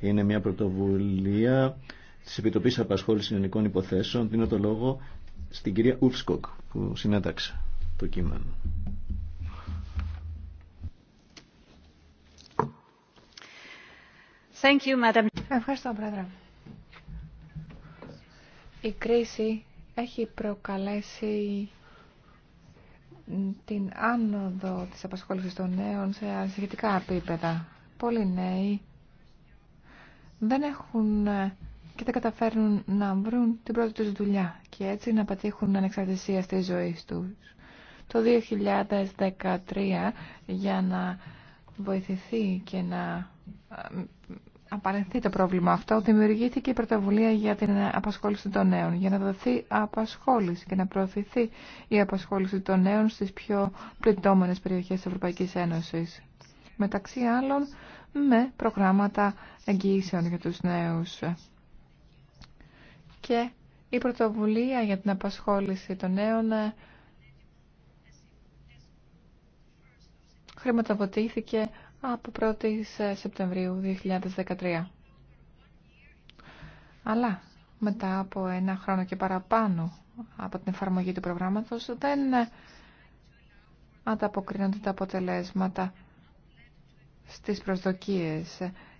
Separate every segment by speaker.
Speaker 1: Είναι μια πρωτοβουλία της Επιτροπής Απασχόλησης Ελληνικών Υποθέσεων. Δίνω το λόγο στην κυρία Ουρσκοκ που συνέταξε το κείμενο.
Speaker 2: Ευχαριστώ, Πρόεδρε. Η κρίση έχει προκαλέσει την άνοδο της απασχόλησης των νέων σε σχετικά επίπεδα. Πολλοί νέοι δεν έχουν ε, και δεν καταφέρνουν να βρουν την πρώτη τους δουλειά και έτσι να πετύχουν ανεξαρτησία στη ζωή τους. Το 2013 για να βοηθηθεί και να ε, απαρενθεί το πρόβλημα αυτό, δημιουργήθηκε η πρωτοβουλία για την απασχόληση των νέων, για να δοθεί απασχόληση και να προωθηθεί η απασχόληση των νέων στις πιο πληττόμενες περιοχές της Ευρωπαϊκής Ένωσης μεταξύ άλλων με προγράμματα εγγύησεων για τους νέους. Και η πρωτοβουλία για την απασχόληση των νέων ε, χρηματοδοτήθηκε από 1η Σεπτεμβρίου 2013. Αλλά μετά από ένα χρόνο και παραπάνω από την εφαρμογή του προγράμματος δεν ε, ανταποκρίνονται τα αποτελέσματα στις προσδοκίες.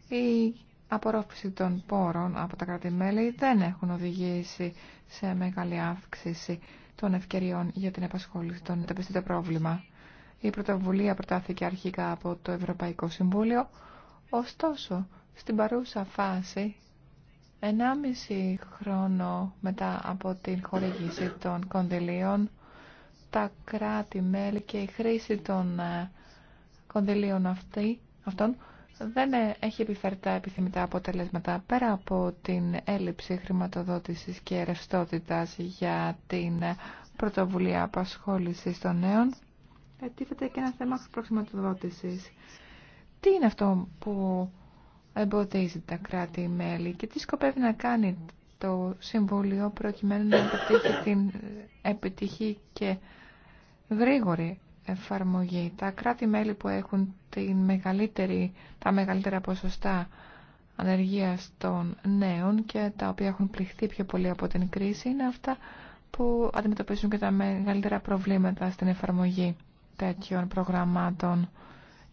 Speaker 2: Η απορρόφηση των πόρων από τα κράτη-μέλη δεν έχουν οδηγήσει σε μεγάλη αύξηση των ευκαιριών για την επασχόληση των το πρόβλημα. Η πρωτοβουλία προτάθηκε αρχικά από το Ευρωπαϊκό Συμβούλιο, ωστόσο στην παρούσα φάση 1,5 χρόνο μετά από την χορήγηση των κονδυλίων, τα κράτη-μέλη και η χρήση των ε, κονδυλίων αυτή αυτών δεν ε, έχει επιφέρει τα επιθυμητά αποτελέσματα πέρα από την έλλειψη χρηματοδότησης και ρευστότητα για την πρωτοβουλία απασχόλησης των νέων. Ετίθεται και ένα θέμα προχρηματοδότησης. Τι είναι αυτό που εμποδίζει τα κράτη-μέλη και τι σκοπεύει να κάνει το Συμβούλιο προκειμένου να πετύχει την επιτυχή και γρήγορη εφαρμογή. Τα κράτη-μέλη που έχουν την μεγαλύτερη, τα μεγαλύτερα ποσοστά ανεργίας των νέων και τα οποία έχουν πληχθεί πιο πολύ από την κρίση είναι αυτά που αντιμετωπίζουν και τα μεγαλύτερα προβλήματα στην εφαρμογή τέτοιων προγραμμάτων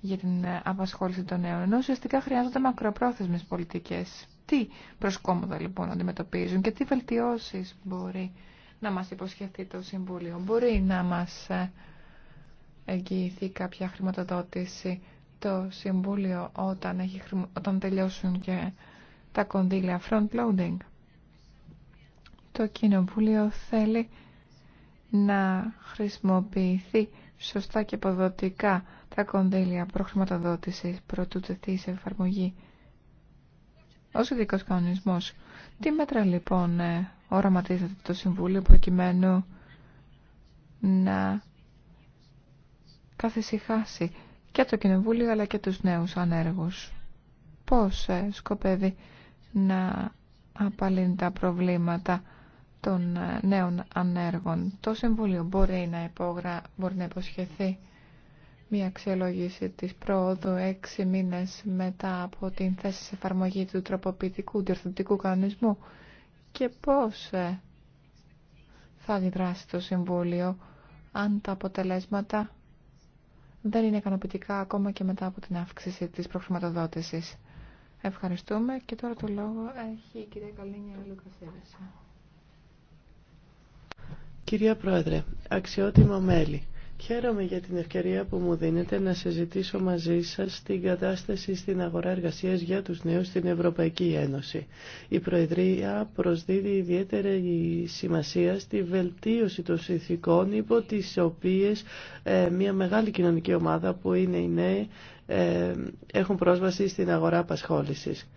Speaker 2: για την απασχόληση των νέων. Ενώ ουσιαστικά χρειάζονται μακροπρόθεσμες πολιτικές. Τι προσκόμματα λοιπόν αντιμετωπίζουν και τι βελτιώσεις μπορεί να μας υποσχεθεί το Συμβούλιο. Μπορεί να μας ε, εγγυηθεί κάποια χρηματοδότηση το Συμβούλιο όταν, έχει, όταν τελειώσουν και τα κονδύλια front-loading. Το Κοινοβούλιο θέλει να χρησιμοποιηθεί σωστά και ποδοτικά τα κονδύλια προχρηματοδότησης προτού τεθεί σε εφαρμογή ως ειδικό κανονισμό. Τι μέτρα λοιπόν ε, οραματίζεται το Συμβούλιο προκειμένου να καθησυχάσει και το Κοινοβούλιο αλλά και τους νέους ανέργους. Πώς ε, σκοπεύει να απαλύνει τα προβλήματα των ε, νέων ανέργων. Το Συμβούλιο μπορεί να, υπογρα... μπορεί να υποσχεθεί μια αξιολόγηση της πρόοδου έξι μήνες μετά από την θέση σε εφαρμογή του τροποποιητικού διορθωτικού κανονισμού και πώς ε, θα αντιδράσει το Συμβούλιο αν τα αποτελέσματα δεν είναι ικανοποιητικά ακόμα και μετά από την αύξηση της προχρηματοδότησης. Ευχαριστούμε και τώρα το λόγο έχει η κυρία Καλίνια
Speaker 3: Κυρία Πρόεδρε, αξιότιμα μέλη. Χαίρομαι για την ευκαιρία που μου δίνετε να συζητήσω μαζί σας την κατάσταση στην αγορά εργασίας για τους νέους στην Ευρωπαϊκή Ένωση. Η Προεδρία προσδίδει ιδιαίτερη σημασία στη βελτίωση των συνθηκών υπό τις οποίες ε, μια μεγάλη κοινωνική ομάδα που είναι οι νέοι ε, έχουν πρόσβαση στην αγορά απασχόλησης.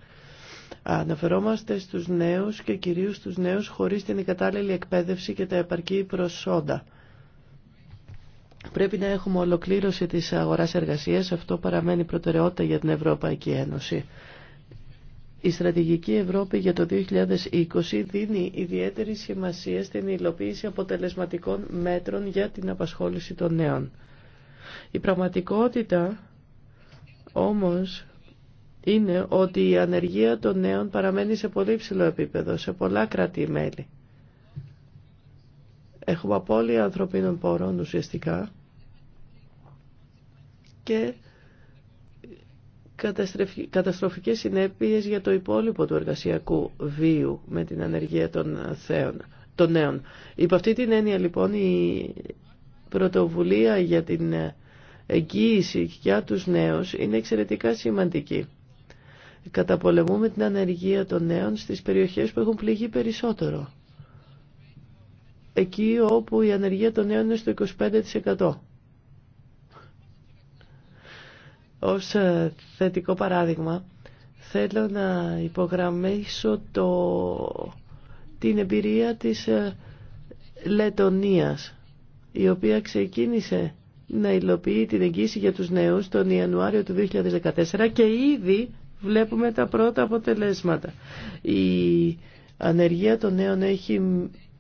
Speaker 3: Αναφερόμαστε στους νέους και κυρίως στους νέους χωρίς την κατάλληλη εκπαίδευση και τα επαρκή προσόντα. Πρέπει να έχουμε ολοκλήρωση της αγοράς εργασίας. Αυτό παραμένει προτεραιότητα για την Ευρωπαϊκή Ένωση. Η Στρατηγική Ευρώπη για το 2020 δίνει ιδιαίτερη σημασία στην υλοποίηση αποτελεσματικών μέτρων για την απασχόληση των νέων. Η πραγματικότητα όμως είναι ότι η ανεργία των νέων παραμένει σε πολύ ψηλό επίπεδο, σε πολλά κράτη-μέλη. Έχουμε απώλεια ανθρωπίνων πόρων ουσιαστικά και καταστροφικές συνέπειες για το υπόλοιπο του εργασιακού βίου με την ανεργία των, θέων, των νέων. Υπό αυτή την έννοια λοιπόν η πρωτοβουλία για την εγγύηση για τους νέους είναι εξαιρετικά σημαντική. Καταπολεμούμε την ανεργία των νέων στις περιοχές που έχουν πληγεί περισσότερο εκεί όπου η ανεργία των νέων είναι στο 25%. Ως ε, θετικό παράδειγμα, θέλω να υπογραμμίσω το, την εμπειρία της ε, Λετωνίας, η οποία ξεκίνησε να υλοποιεί την εγγύηση για τους νέους τον Ιανουάριο του 2014 και ήδη βλέπουμε τα πρώτα αποτελέσματα. Η ανεργία των νέων έχει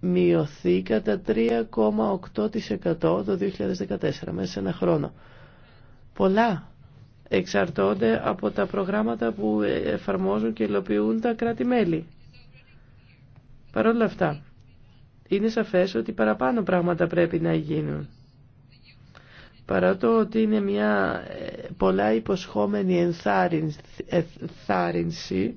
Speaker 3: μειωθεί κατά 3,8% το 2014, μέσα σε ένα χρόνο. Πολλά εξαρτώνται από τα προγράμματα που εφαρμόζουν και υλοποιούν τα κράτη-μέλη. Παρ' όλα αυτά, είναι σαφές ότι παραπάνω πράγματα πρέπει να γίνουν. Παρά το ότι είναι μια ε, πολλά υποσχόμενη ενθάρρυνση,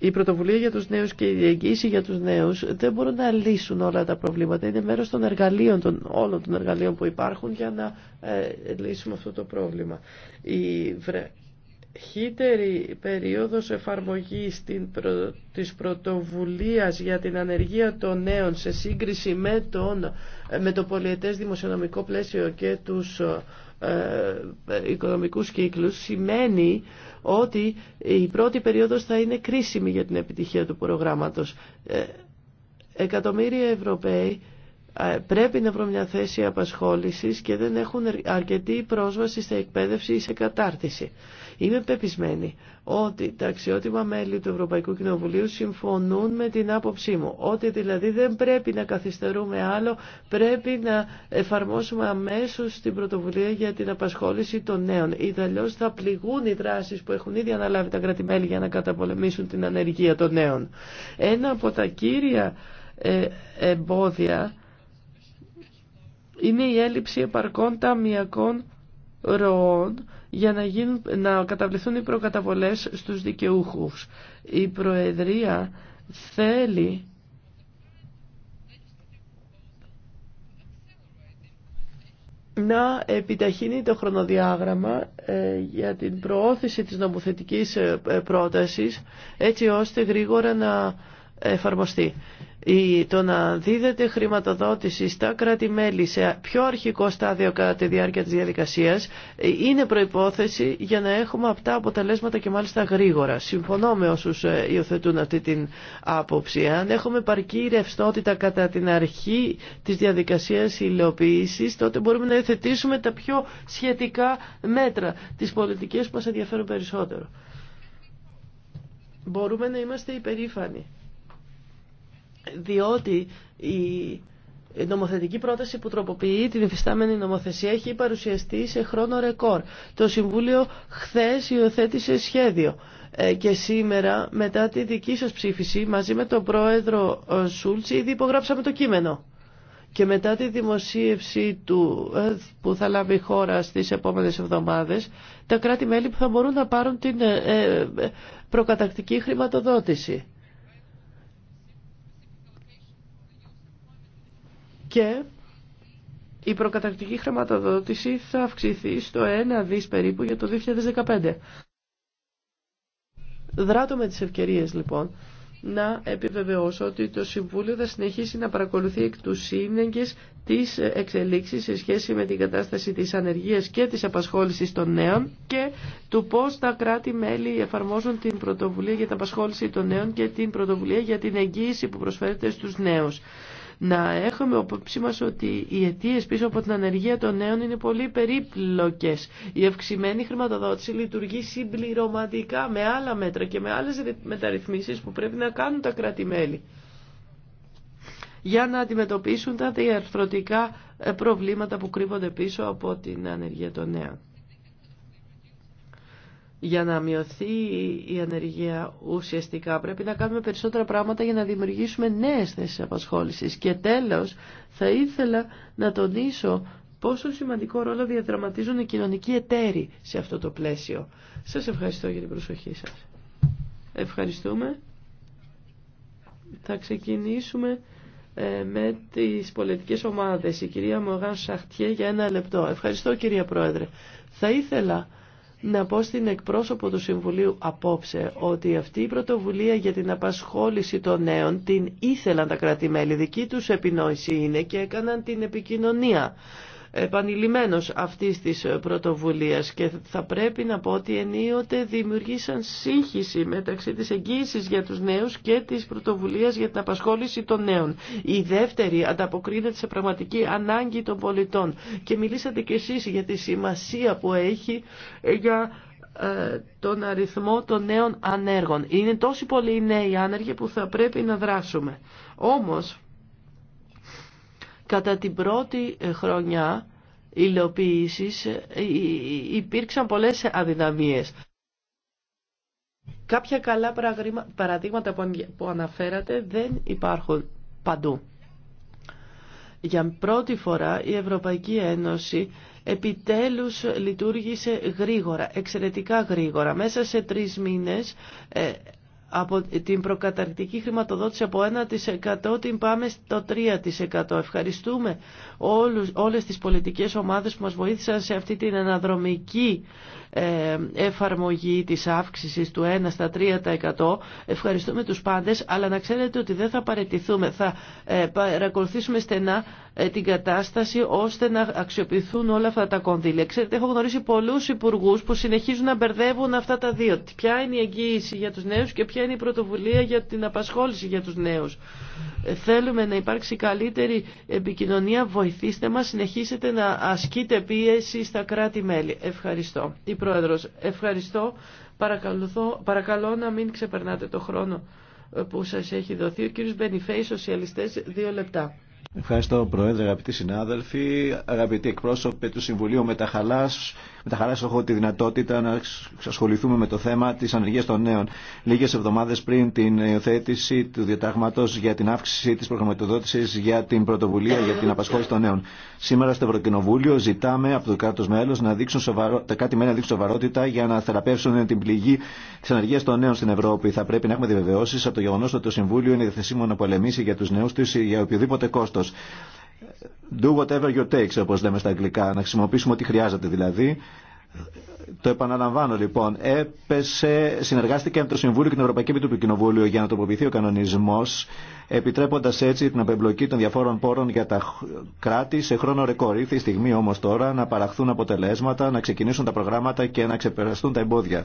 Speaker 3: η πρωτοβουλία για τους νέους και η εγγύηση για τους νέους δεν μπορούν να λύσουν όλα τα προβλήματα. Είναι μέρος των εργαλείων, των, όλων των εργαλείων που υπάρχουν για να ε, λύσουμε αυτό το πρόβλημα. Η χύτερη περίοδος εφαρμογής την της πρωτοβουλίας για την ανεργία των νέων σε σύγκριση με, τον, με το πολιετές δημοσιονομικό πλαίσιο και τους ε, ε οικονομικούς κύκλους σημαίνει ότι η πρώτη περίοδος θα είναι κρίσιμη για την επιτυχία του προγράμματος. Ε, εκατομμύρια Ευρωπαίοι ε, πρέπει να βρουν μια θέση απασχόλησης και δεν έχουν αρκετή πρόσβαση σε εκπαίδευση ή σε κατάρτιση. Είμαι πεπισμένη ότι τα αξιότιμα μέλη του Ευρωπαϊκού Κοινοβουλίου συμφωνούν με την άποψή μου. Ότι δηλαδή δεν πρέπει να καθυστερούμε άλλο, πρέπει να εφαρμόσουμε αμέσω την πρωτοβουλία για την απασχόληση των νέων. Ιδαλλιώ θα πληγούν οι δράσει που έχουν ήδη αναλάβει τα κράτη-μέλη για να καταπολεμήσουν την ανεργία των νέων. Ένα από τα κύρια ε, εμπόδια είναι η έλλειψη επαρκών ταμιακών ροών για να, γίνουν, να καταβληθούν οι προκαταβολές στους δικαιούχους. Η Προεδρία θέλει να επιταχύνει το χρονοδιάγραμμα ε, για την προώθηση της νομοθετικής ε, πρότασης έτσι ώστε γρήγορα να εφαρμοστεί το να δίδεται χρηματοδότηση στα κράτη-μέλη σε πιο αρχικό στάδιο κατά τη διάρκεια της διαδικασίας ε, είναι προϋπόθεση για να έχουμε αυτά αποτελέσματα και μάλιστα γρήγορα. Συμφωνώ με όσους ε, υιοθετούν αυτή την άποψη. Αν έχουμε παρκή ρευστότητα κατά την αρχή της διαδικασίας υλοποίηση, τότε μπορούμε να υιοθετήσουμε τα πιο σχετικά μέτρα, της πολιτικής που μας ενδιαφέρουν περισσότερο. Μπορούμε να είμαστε υπερήφανοι διότι η νομοθετική πρόταση που τροποποιεί την υφιστάμενη νομοθεσία έχει παρουσιαστεί σε χρόνο ρεκόρ. Το Συμβούλιο χθες υιοθέτησε σχέδιο ε, και σήμερα μετά τη δική σας ψήφιση μαζί με τον πρόεδρο ε, Σούλτς ήδη υπογράψαμε το κείμενο. Και μετά τη δημοσίευση του ε, που θα λάβει η χώρα στις επόμενες εβδομάδες, τα κράτη-μέλη που θα μπορούν να πάρουν την προκατακτική χρηματοδότηση. και η προκαταρκτική χρηματοδότηση θα αυξηθεί στο 1 δις περίπου για το 2015. Δράτω με τις ευκαιρίες λοιπόν να επιβεβαιώσω ότι το Συμβούλιο θα συνεχίσει να παρακολουθεί εκ του σύνεγγες τις εξελίξεις σε σχέση με την κατάσταση της ανεργίας και της απασχόλησης των νέων και του πώς τα κράτη-μέλη εφαρμόζουν την πρωτοβουλία για την απασχόληση των νέων και την πρωτοβουλία για την εγγύηση που προσφέρεται στους νέους να έχουμε αποψή μα ότι οι αιτίε πίσω από την ανεργία των νέων είναι πολύ περίπλοκε. Η αυξημένη χρηματοδότηση λειτουργεί συμπληρωματικά με άλλα μέτρα και με άλλε μεταρρυθμίσει που πρέπει να κάνουν τα κράτη-μέλη για να αντιμετωπίσουν τα διαρθρωτικά ε, προβλήματα που κρύβονται πίσω από την ανεργία των νέων για να μειωθεί η ανεργία ουσιαστικά πρέπει να κάνουμε περισσότερα πράγματα για να δημιουργήσουμε νέες θέσεις απασχόλησης. Και τέλος θα ήθελα να τονίσω πόσο σημαντικό ρόλο διαδραματίζουν οι κοινωνικοί εταίροι σε αυτό το πλαίσιο. Σας ευχαριστώ για την προσοχή σας. Ευχαριστούμε. Θα ξεκινήσουμε ε, με τις πολιτικές ομάδες. Η κυρία Μογάν Σαχτιέ για ένα λεπτό. Ευχαριστώ κυρία Πρόεδρε. Θα ήθελα να πω στην εκπρόσωπο του Συμβουλίου απόψε ότι αυτή η πρωτοβουλία για την απασχόληση των νέων την ήθελαν τα κράτη-μέλη. Δική τους επινόηση είναι και έκαναν την επικοινωνία επανειλημμένος αυτής της πρωτοβουλίας και θα πρέπει να πω ότι ενίοτε δημιουργήσαν σύγχυση μεταξύ της εγγύησης για τους νέους και της πρωτοβουλίας για την απασχόληση των νέων. Η δεύτερη ανταποκρίνεται σε πραγματική ανάγκη των πολιτών και μιλήσατε κι εσείς για τη σημασία που έχει ε, για ε, τον αριθμό των νέων ανέργων. Είναι τόσοι πολλοί οι νέοι άνεργοι που θα πρέπει να δράσουμε. Όμως, Κατά την πρώτη ε, χρονιά υλοποίησης ε, ε, υπήρξαν πολλές αδυναμίες. Κάποια καλά παραδείγματα που αναφέρατε δεν υπάρχουν παντού. Για πρώτη φορά η Ευρωπαϊκή Ένωση επιτέλους λειτουργήσε γρήγορα, εξαιρετικά γρήγορα. Μέσα σε τρεις μήνες από την προκαταρκτική χρηματοδότηση από 1% την πάμε στο 3%. Ευχαριστούμε όλους, όλες τις πολιτικές ομάδες που μας βοήθησαν σε αυτή την αναδρομική ε, εφαρμογή της αύξησης του 1 στα 3%. Ευχαριστούμε τους πάντες, αλλά να ξέρετε ότι δεν θα παρετηθούμε. Θα ε, παρακολουθήσουμε στενά ε, την κατάσταση ώστε να αξιοποιηθούν όλα αυτά τα κονδύλια. Ξέρετε, έχω γνωρίσει πολλούς υπουργούς που συνεχίζουν να μπερδεύουν αυτά τα δύο. Ποια είναι η εγγύηση για τους νέους και ποια είναι η πρωτοβουλία για την απασχόληση για τους νέους. Ε, θέλουμε να υπάρξει καλύτερη επικοινωνία. Βοηθήστε μας, συνεχίσετε να ασκείτε πίεση στα κράτη-μέλη. Ευχαριστώ. Η Πρόεδρος, ευχαριστώ. Παρακαλώ, παρακαλώ να μην ξεπερνάτε το χρόνο ε, που σας έχει δοθεί. Ο κύριος Μπενιφέη, Σοσιαλιστές, δύο λεπτά.
Speaker 1: Ευχαριστώ Πρόεδρε, αγαπητοί συνάδελφοι, αγαπητοί εκπρόσωποι του Συμβουλίου Μεταχαλάς. Με τα χαρά έχω τη δυνατότητα να ασχοληθούμε με το θέμα τη ανεργία των νέων. Λίγε εβδομάδε πριν την υιοθέτηση του διατάγματο για την αύξηση τη προγραμματοδότηση για την πρωτοβουλία για την απασχόληση των νέων. Σήμερα στο Ευρωκοινοβούλιο ζητάμε από το κράτο μέλο να δείξουν σοβαρο... τα κάτι μέλη να δείξουν σοβαρότητα για να θεραπεύσουν την πληγή τη ανεργία των νέων στην Ευρώπη. Θα πρέπει να έχουμε διαβεβαιώσει από το γεγονό ότι το Συμβούλιο είναι διαθεσίμο να πολεμήσει για του νέου του για οποιοδήποτε κόστο do whatever you take», όπως λέμε στα αγγλικά, να χρησιμοποιήσουμε ό,τι χρειάζεται δηλαδή. Το επαναλαμβάνω λοιπόν. Έπεσε, συνεργάστηκε με το Συμβούλιο και την Ευρωπαϊκή Επιτροπή Κοινοβούλιο για να τοποποιηθεί ο κανονισμό, επιτρέποντα έτσι την απεμπλοκή των διαφόρων πόρων για τα κράτη σε χρόνο ρεκόρ. Ήρθε η στιγμή όμω τώρα να παραχθούν αποτελέσματα, να ξεκινήσουν τα προγράμματα και να ξεπεραστούν τα εμπόδια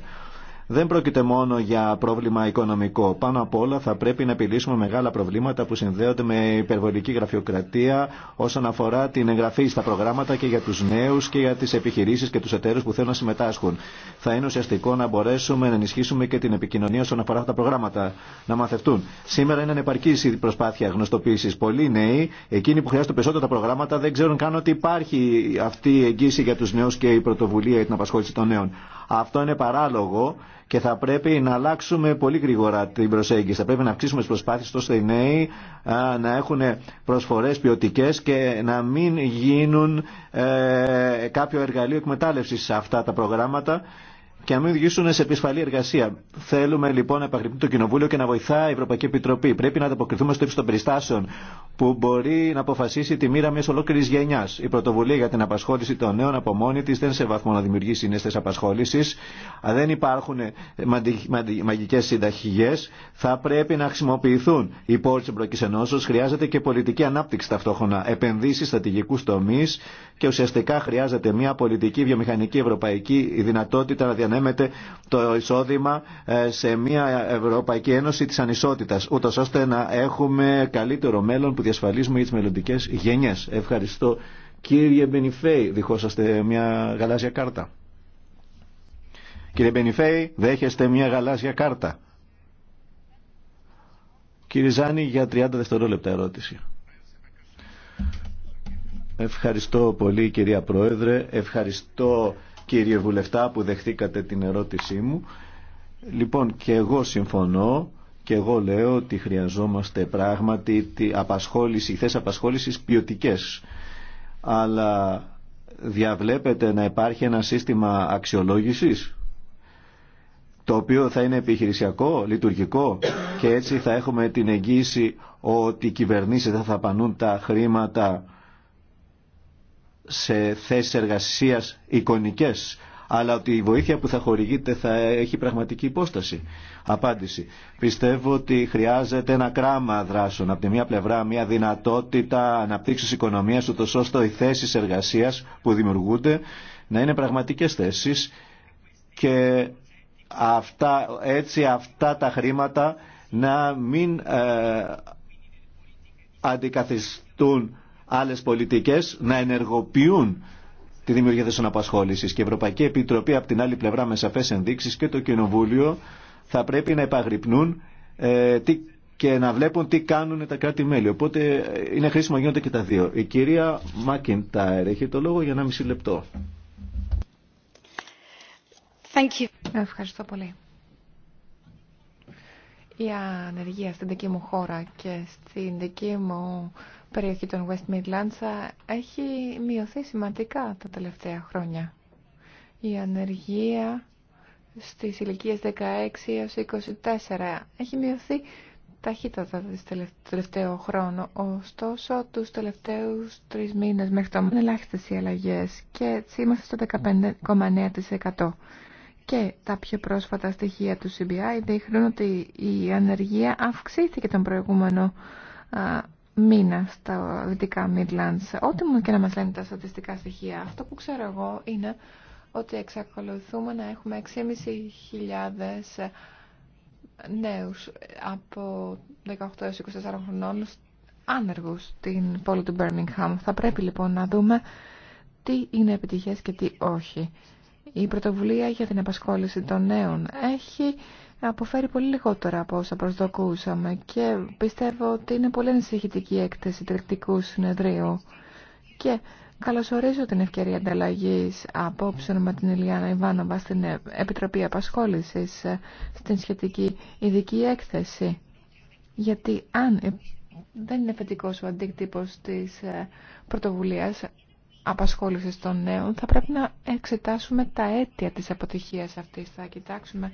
Speaker 1: δεν πρόκειται μόνο για πρόβλημα οικονομικό. Πάνω απ' όλα θα πρέπει να επιλύσουμε μεγάλα προβλήματα που συνδέονται με υπερβολική γραφειοκρατία όσον αφορά την εγγραφή στα προγράμματα και για του νέου και για τι επιχειρήσει και του εταίρου που θέλουν να συμμετάσχουν. Θα είναι ουσιαστικό να μπορέσουμε να ενισχύσουμε και την επικοινωνία όσον αφορά αυτά τα προγράμματα να μαθευτούν. Σήμερα είναι ανεπαρκή η προσπάθεια γνωστοποίηση. Πολλοί νέοι, εκείνοι που χρειάζονται περισσότερα προγράμματα, δεν ξέρουν καν ότι υπάρχει αυτή η εγγύηση για του νέου και η πρωτοβουλία για την απασχόληση των νέων. Αυτό είναι παράλογο και θα πρέπει να αλλάξουμε πολύ γρήγορα την προσέγγιση. Θα πρέπει να αυξήσουμε τι προσπάθειε τόσο οι νέοι να έχουν προσφορέ ποιοτικέ και να μην γίνουν ε, κάποιο εργαλείο εκμετάλλευση σε αυτά τα προγράμματα και να μην οδηγήσουν σε επισφαλή εργασία. Θέλουμε λοιπόν να επαγρυπτεί το Κοινοβούλιο και να βοηθά η Ευρωπαϊκή Επιτροπή. Πρέπει να ανταποκριθούμε στο ύψο των περιστάσεων που μπορεί να αποφασίσει τη μοίρα μια ολόκληρη γενιά. Η πρωτοβουλία για την απασχόληση των νέων από μόνη τη δεν σε βαθμό να δημιουργήσει νέε θέσει απασχόληση. Δεν υπάρχουν μαγικέ συνταχηγέ. Θα πρέπει να χρησιμοποιηθούν οι πόλει τη Ευρωπαϊκή Ενώσεω. Χρειάζεται και πολιτική ανάπτυξη ταυτόχρονα. Επενδύσει στρατηγικού τομεί και ουσιαστικά χρειάζεται μια πολιτική βιομηχανική ευρωπαϊκή δυνατότητα να το εισόδημα ε, σε μια Ευρωπαϊκή Ένωση της ανισότητας, ούτως ώστε να έχουμε καλύτερο μέλλον που διασφαλίζουμε για τις μελλοντικές γενιές. Ευχαριστώ. Κύριε Μπενιφέη, διχόσαστε μια γαλάζια κάρτα. Κύριε Μπενιφέη, δέχεστε μια γαλάζια κάρτα. Κύριε Ζάνη, για 30 δευτερόλεπτα ερώτηση. Ευχαριστώ πολύ κυρία Πρόεδρε, ευχαριστώ κύριε Βουλευτά που δεχτήκατε την ερώτησή μου. Λοιπόν, και εγώ συμφωνώ και εγώ λέω ότι χρειαζόμαστε πράγματι τη απασχόληση, θέσεις απασχόλησης ποιοτικέ. Αλλά διαβλέπετε να υπάρχει ένα σύστημα αξιολόγησης το οποίο θα είναι επιχειρησιακό, λειτουργικό και έτσι θα έχουμε την εγγύηση ότι οι κυβερνήσεις θα θαπανούν τα χρήματα σε θέσεις εργασίας εικονικές, αλλά ότι η βοήθεια που θα χορηγείται θα έχει πραγματική υπόσταση. Απάντηση. Πιστεύω ότι χρειάζεται ένα κράμα δράσεων. Από τη μία πλευρά μια δυνατότητα αναπτύξης οικονομίας, ούτω ώστε οι θέσεις εργασίας που δημιουργούνται να είναι πραγματικές θέσεις και αυτά, έτσι αυτά τα χρήματα να μην ε, αντικαθιστούν άλλες πολιτικές να ενεργοποιούν τη δημιουργία θέσεων απασχόλησης Και η Ευρωπαϊκή Επιτροπή, από την άλλη πλευρά, με σαφέ ενδείξει και το Κοινοβούλιο θα πρέπει να επαγρυπνούν ε, τι, και να βλέπουν τι κάνουν τα κράτη-μέλη. Οπότε ε, είναι χρήσιμο γίνονται και τα δύο. Η κυρία Μάκιντάιρ έχει το λόγο για ένα μισή λεπτό.
Speaker 2: Thank you. Ευχαριστώ πολύ. Η ανεργία στην δική μου χώρα και στην δική μου περιοχή των West Midlands έχει μειωθεί σημαντικά τα τελευταία χρόνια. Η ανεργία στις ηλικίες 16 έως 24 έχει μειωθεί ταχύτατα το τελευταίο χρόνο. Ωστόσο, τους τελευταίους τρεις μήνες μέχρι το ελάχιστες οι αλλαγές και έτσι είμαστε στο 15,9%. Και τα πιο πρόσφατα στοιχεία του CBI δείχνουν ότι η ανεργία αυξήθηκε τον προηγούμενο μήνα στα δυτικά Midlands. Ό,τι μου και να μας λένε τα στατιστικά στοιχεία, αυτό που ξέρω εγώ είναι ότι εξακολουθούμε να έχουμε 6.500 νέους από 18 24 χρονών άνεργους στην πόλη του Birmingham. Θα πρέπει λοιπόν να δούμε τι είναι επιτυχές και τι όχι. Η πρωτοβουλία για την απασχόληση των νέων έχει αποφέρει πολύ λιγότερα από όσα προσδοκούσαμε και πιστεύω ότι είναι πολύ ανησυχητική η έκθεση τρικτικού συνεδρίου. Και καλωσορίζω την ευκαιρία ανταλλαγή απόψεων με την Ελιάνα Ιβάνοβα στην Επιτροπή απασχόληση στην σχετική ειδική έκθεση. Γιατί αν ε, δεν είναι θετικό ο αντικτύπο της ε, πρωτοβουλία απασχόληση των νέων, θα πρέπει να εξετάσουμε τα αίτια τη αποτυχία αυτή. Θα κοιτάξουμε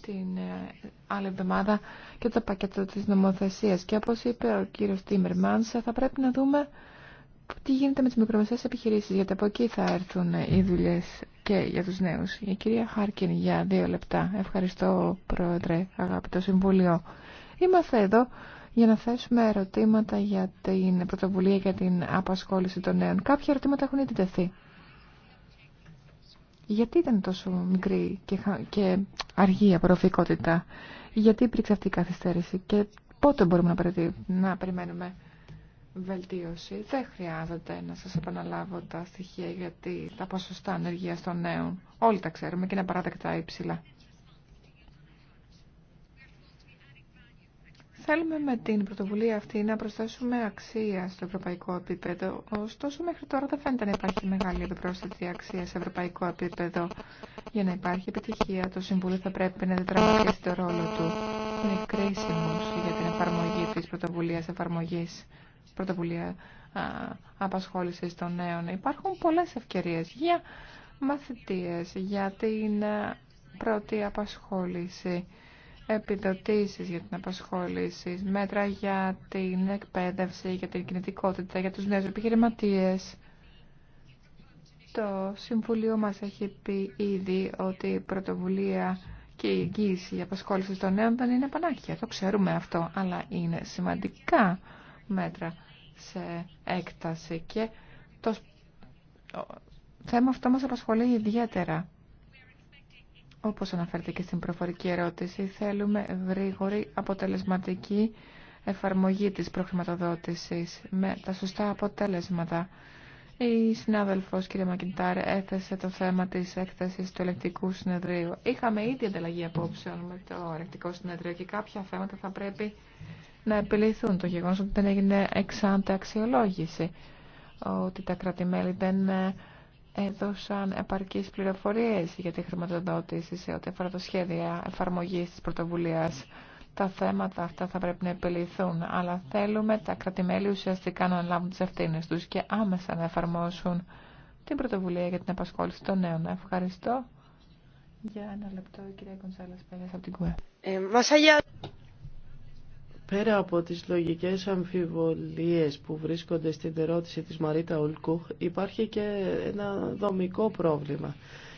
Speaker 2: την ε, άλλη εβδομάδα και το πακέτο της νομοθεσίας. Και όπως είπε ο κύριος Τίμερμανς, θα πρέπει να δούμε τι γίνεται με τις μικρομεσαίες επιχειρήσεις, γιατί από εκεί θα έρθουν ε, οι δουλειέ και για τους νέους. Η κυρία Χάρκιν για δύο λεπτά. Ευχαριστώ, Πρόεδρε, αγαπητό Συμβούλιο. Είμαστε εδώ για να θέσουμε ερωτήματα για την πρωτοβουλία για την απασχόληση των νέων. Κάποια ερωτήματα έχουν ήδη τεθεί. Γιατί ήταν τόσο μικρή και, και αργή η απορροφικότητα, γιατί υπήρξε αυτή η καθυστέρηση και πότε μπορούμε να, περιμένουμε βελτίωση. Δεν χρειάζεται να σας επαναλάβω τα στοιχεία γιατί τα ποσοστά ανεργία των νέων όλοι τα ξέρουμε και είναι παράδεκτα υψηλά. Θέλουμε με την πρωτοβουλία αυτή να προσθέσουμε αξία στο ευρωπαϊκό επίπεδο. Ωστόσο, μέχρι τώρα δεν φαίνεται να υπάρχει μεγάλη επιπρόσθετη αξία σε ευρωπαϊκό επίπεδο. Για να υπάρχει επιτυχία, το Συμβούλιο θα πρέπει να διδραματίσει το ρόλο του. Είναι κρίσιμο για την εφαρμογή τη πρωτοβουλία εφαρμογή, πρωτοβουλία απασχόληση των νέων. Υπάρχουν πολλέ ευκαιρίε για μαθητείε, για την ε, πρώτη απασχόληση επιδοτήσεις για την απασχόληση, μέτρα για την εκπαίδευση, για την κινητικότητα, για τους νέους επιχειρηματίες. Το Συμβουλίο μας έχει πει ήδη ότι η πρωτοβουλία και η εγγύηση για απασχόληση των νέων δεν είναι πανάκια. Το ξέρουμε αυτό, αλλά είναι σημαντικά μέτρα σε έκταση και το θέμα αυτό μας απασχολεί ιδιαίτερα. Όπως αναφερθήκε και στην προφορική ερώτηση, θέλουμε γρήγορη αποτελεσματική εφαρμογή της προχρηματοδότησης με τα σωστά αποτέλεσματα. Η συνάδελφος κ. Μακιντάρ έθεσε το θέμα της έκθεσης του ελεκτικού συνεδρίου. Είχαμε ήδη ανταλλαγή απόψεων με το ελεκτικό συνεδρίο και κάποια θέματα θα πρέπει να επιληθούν. Το γεγονός ότι δεν έγινε εξάντα αξιολόγηση, ότι τα κράτη-μέλη δεν έδωσαν επαρκείς πληροφορίες για τη χρηματοδότηση σε ό,τι αφορά το σχέδιο εφαρμογής της πρωτοβουλίας. Τα θέματα αυτά θα πρέπει να επιληθούν, αλλά θέλουμε τα κρατημέλη ουσιαστικά να αναλάβουν τις ευθύνες τους και άμεσα να εφαρμόσουν την πρωτοβουλία για την απασχόληση των νέων. Ευχαριστώ. Για λεπτό, κυρία από την
Speaker 3: ε, Πέρα από τις λογικές αμφιβολίες που βρίσκονται στην ερώτηση της Μαρίτα Ολκούχ, υπάρχει και ένα δομικό πρόβλημα.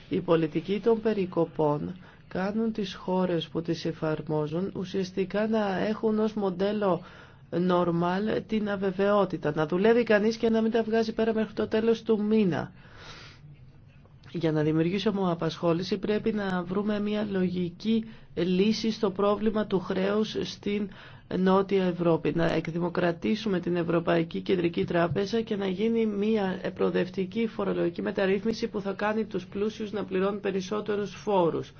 Speaker 3: Η πολιτική των περικοπών κάνουν τις χώρες που τις εφαρμόζουν ουσιαστικά να έχουν ως μοντέλο νορμάλ την αβεβαιότητα. Να δουλεύει κανείς και να μην τα βγάζει πέρα μέχρι το τέλος του μήνα. Για να δημιουργήσουμε απασχόληση πρέπει να βρούμε μια λογική λύση στο πρόβλημα του χρέους στην Νότια Ευρώπη, να εκδημοκρατήσουμε την Ευρωπαϊκή Κεντρική Τράπεζα και να γίνει μια προοδευτική φορολογική μεταρρύθμιση που θα κάνει τους πλούσιους να πληρώνουν περισσότερους φόρους.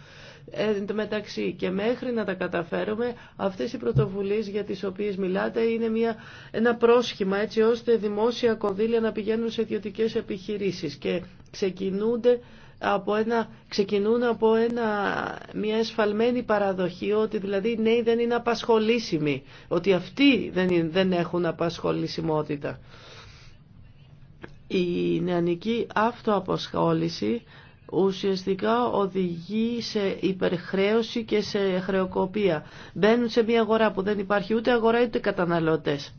Speaker 3: Ε, εν μεταξύ και μέχρι να τα καταφέρουμε αυτές οι πρωτοβουλίες για τις οποίες μιλάτε είναι μια, ένα πρόσχημα έτσι ώστε δημόσια κονδύλια να πηγαίνουν σε ιδιωτικέ επιχειρήσεις και ξεκινούνται από ένα, ξεκινούν από ένα, μια εσφαλμένη παραδοχή ότι δηλαδή οι νέοι δεν είναι απασχολήσιμοι, ότι αυτοί δεν, είναι, δεν έχουν απασχολησιμότητα. Η νεανική αυτοαποσχόληση ουσιαστικά οδηγεί σε υπερχρέωση και σε χρεοκοπία. Μπαίνουν σε μια αγορά που δεν υπάρχει ούτε αγορά ούτε καταναλωτές.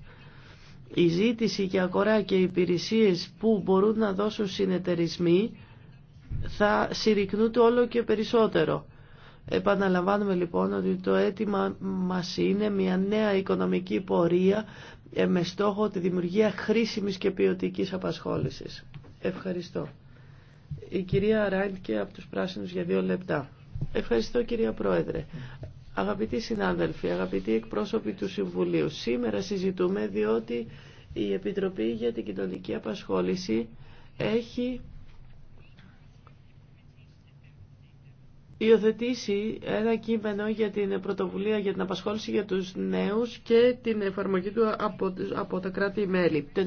Speaker 3: Η ζήτηση και αγορά και οι υπηρεσίες που μπορούν να δώσουν συνεταιρισμοί θα συρρυκνούνται όλο και περισσότερο. Επαναλαμβάνουμε λοιπόν ότι το αίτημα μας είναι μια νέα οικονομική πορεία ε, με στόχο τη δημιουργία χρήσιμης και ποιοτικής απασχόλησης. Ευχαριστώ. Η κυρία και από τους Πράσινους για δύο λεπτά. Ευχαριστώ κυρία Πρόεδρε. Αγαπητοί συνάδελφοι, αγαπητοί εκπρόσωποι του Συμβουλίου, σήμερα συζητούμε διότι η Επιτροπή για την Κοινωνική Απασχόληση έχει υιοθετήσει ένα κείμενο για την πρωτοβουλία για την απασχόληση για τους νέους και την εφαρμογή του από, από τα κράτη-μέλη. Το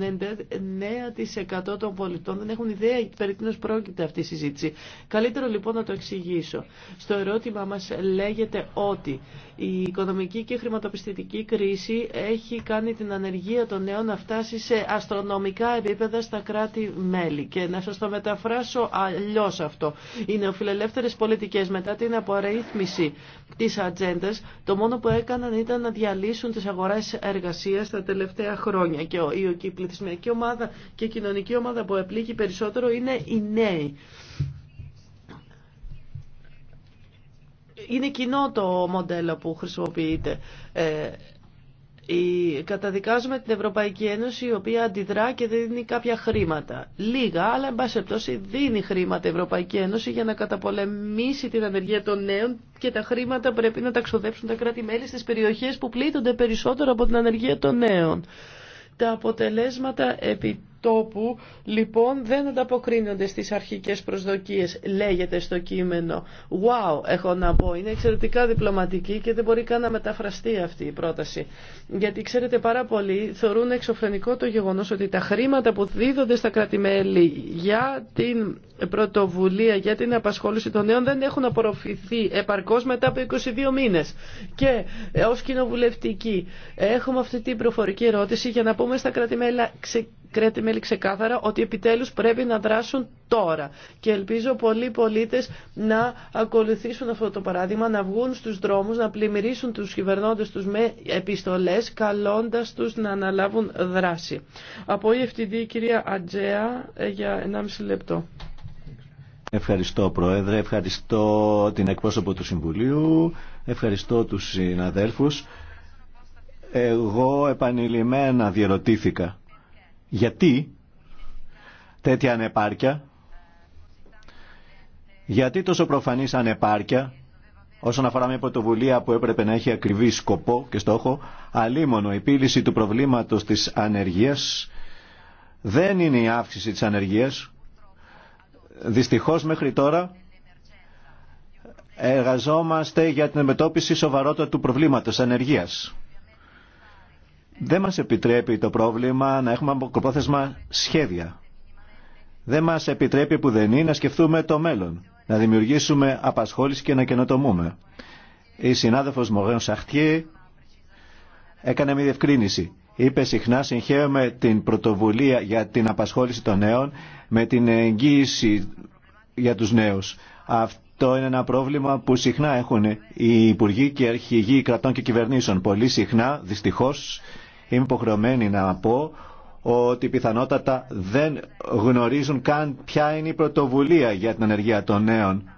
Speaker 3: 99% των πολιτών δεν έχουν ιδέα περί τίνος πρόκειται αυτή η συζήτηση. Καλύτερο λοιπόν να το εξηγήσω. Στο ερώτημά μας λέγεται ότι η οικονομική και χρηματοπιστωτική κρίση έχει κάνει την ανεργία των νέων να φτάσει σε αστρονομικά επίπεδα στα κράτη-μέλη. Και να σας το μεταφράσω αλλιώς αυτό. Οι νεοφιλελεύθερες πολιτικές μετά την απορρίθμιση της ατζέντα, το μόνο που έκαναν ήταν να διαλύσουν τις αγορές εργασίας τα τελευταία χρόνια και η πληθυσμιακή ομάδα και η κοινωνική ομάδα που επλήγει περισσότερο είναι οι νέοι. Είναι κοινό το μοντέλο που χρησιμοποιείται. Ε, καταδικάζουμε την Ευρωπαϊκή Ένωση η οποία αντιδρά και δίνει κάποια χρήματα. Λίγα, αλλά εν πάση πτώση δίνει χρήματα η Ευρωπαϊκή Ένωση για να καταπολεμήσει την ανεργία των νέων και τα χρήματα πρέπει να τα ξοδέψουν τα κράτη-μέλη στις περιοχές που πλήττονται περισσότερο από την ανεργία των νέων. Τα αποτελέσματα επί τόπου λοιπόν δεν ανταποκρίνονται στις αρχικές προσδοκίες λέγεται στο κείμενο wow έχω να πω είναι εξαιρετικά διπλωματική και δεν μπορεί καν να μεταφραστεί αυτή η πρόταση γιατί ξέρετε πάρα πολλοί θεωρούν εξωφρενικό το γεγονός ότι τα χρήματα που δίδονται στα κρατημέλη για την πρωτοβουλία για την απασχόληση των νέων δεν έχουν απορροφηθεί επαρκώς μετά από 22 μήνες και ε, ως κοινοβουλευτική έχουμε αυτή την προφορική ερώτηση για να πούμε στα κρατημέλα Κρέτη μελη ξεκάθαρα ότι επιτέλους πρέπει να δράσουν τώρα. Και ελπίζω πολλοί πολίτες να ακολουθήσουν αυτό το παράδειγμα, να βγουν στους δρόμους, να πλημμυρίσουν τους κυβερνώντες τους με επιστολές, καλώντας τους να αναλάβουν δράση. Από η FTD, κυρία Ατζέα, για 1,5 λεπτό.
Speaker 1: Ευχαριστώ Πρόεδρε, ευχαριστώ την εκπρόσωπο του Συμβουλίου, ευχαριστώ τους συναδέλφους. Εγώ επανειλημμένα διερωτήθηκα γιατί τέτοια ανεπάρκεια, γιατί τόσο προφανής ανεπάρκεια όσον αφορά μια πρωτοβουλία που έπρεπε να έχει ακριβή σκοπό και στόχο, αλίμονο η πύληση του προβλήματος της ανεργίας δεν είναι η αύξηση της ανεργίας. Δυστυχώς μέχρι τώρα εργαζόμαστε για την εμετώπιση σοβαρότητα του προβλήματος ανεργίας δεν μας επιτρέπει το πρόβλημα να έχουμε αποκοπόθεσμα σχέδια. Δεν μας επιτρέπει που δεν είναι να σκεφτούμε το μέλλον, να δημιουργήσουμε απασχόληση και να καινοτομούμε. Η συνάδελφος Μωρέν Σαχτιέ έκανε μια διευκρίνηση. Είπε συχνά συγχαίωμε την πρωτοβουλία για την απασχόληση των νέων με την εγγύηση για τους νέους. Αυτό είναι ένα πρόβλημα που συχνά έχουν οι υπουργοί και αρχηγοί κρατών και κυβερνήσεων. Πολύ συχνά, δυστυχώς, είμαι υποχρεωμένη να πω ότι πιθανότατα δεν γνωρίζουν καν ποια είναι η πρωτοβουλία για την ανεργία των νέων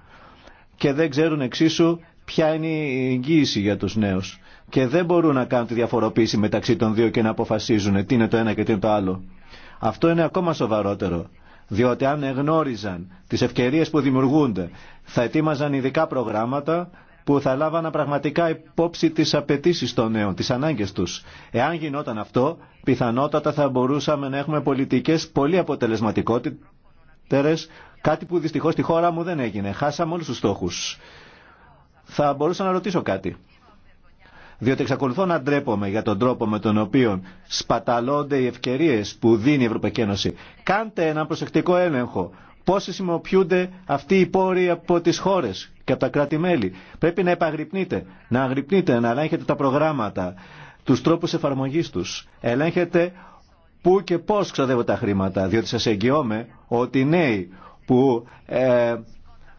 Speaker 1: και δεν ξέρουν εξίσου ποια είναι η εγγύηση για τους νέους και δεν μπορούν να κάνουν τη διαφοροποίηση μεταξύ των δύο και να αποφασίζουν τι είναι το ένα και τι είναι το άλλο. Αυτό είναι ακόμα σοβαρότερο, διότι αν εγνώριζαν τις ευκαιρίες που δημιουργούνται, θα ετοίμαζαν ειδικά προγράμματα που θα λάβανα πραγματικά υπόψη τις απαιτήσει των νέων, τις ανάγκες τους. Εάν γινόταν αυτό, πιθανότατα θα μπορούσαμε να έχουμε πολιτικές πολύ αποτελεσματικότερες, κάτι που δυστυχώς στη χώρα μου δεν έγινε. Χάσαμε όλους τους στόχους. Θα μπορούσα να ρωτήσω κάτι. Διότι εξακολουθώ να ντρέπομαι για τον τρόπο με τον οποίο σπαταλώνται οι ευκαιρίε που δίνει η Ευρωπαϊκή Ένωση. Κάντε ένα προσεκτικό έλεγχο. Πώ χρησιμοποιούνται αυτοί οι πόροι από τι χώρε και από τα κράτη-μέλη. Πρέπει να επαγρυπνείτε, να αγρυπνείτε, να ελέγχετε τα προγράμματα, του τρόπους εφαρμογής τους. Ελέγχετε πού και πώς αυτά τα χρήματα, διότι σας εγγυώμαι ότι οι νέοι που ε,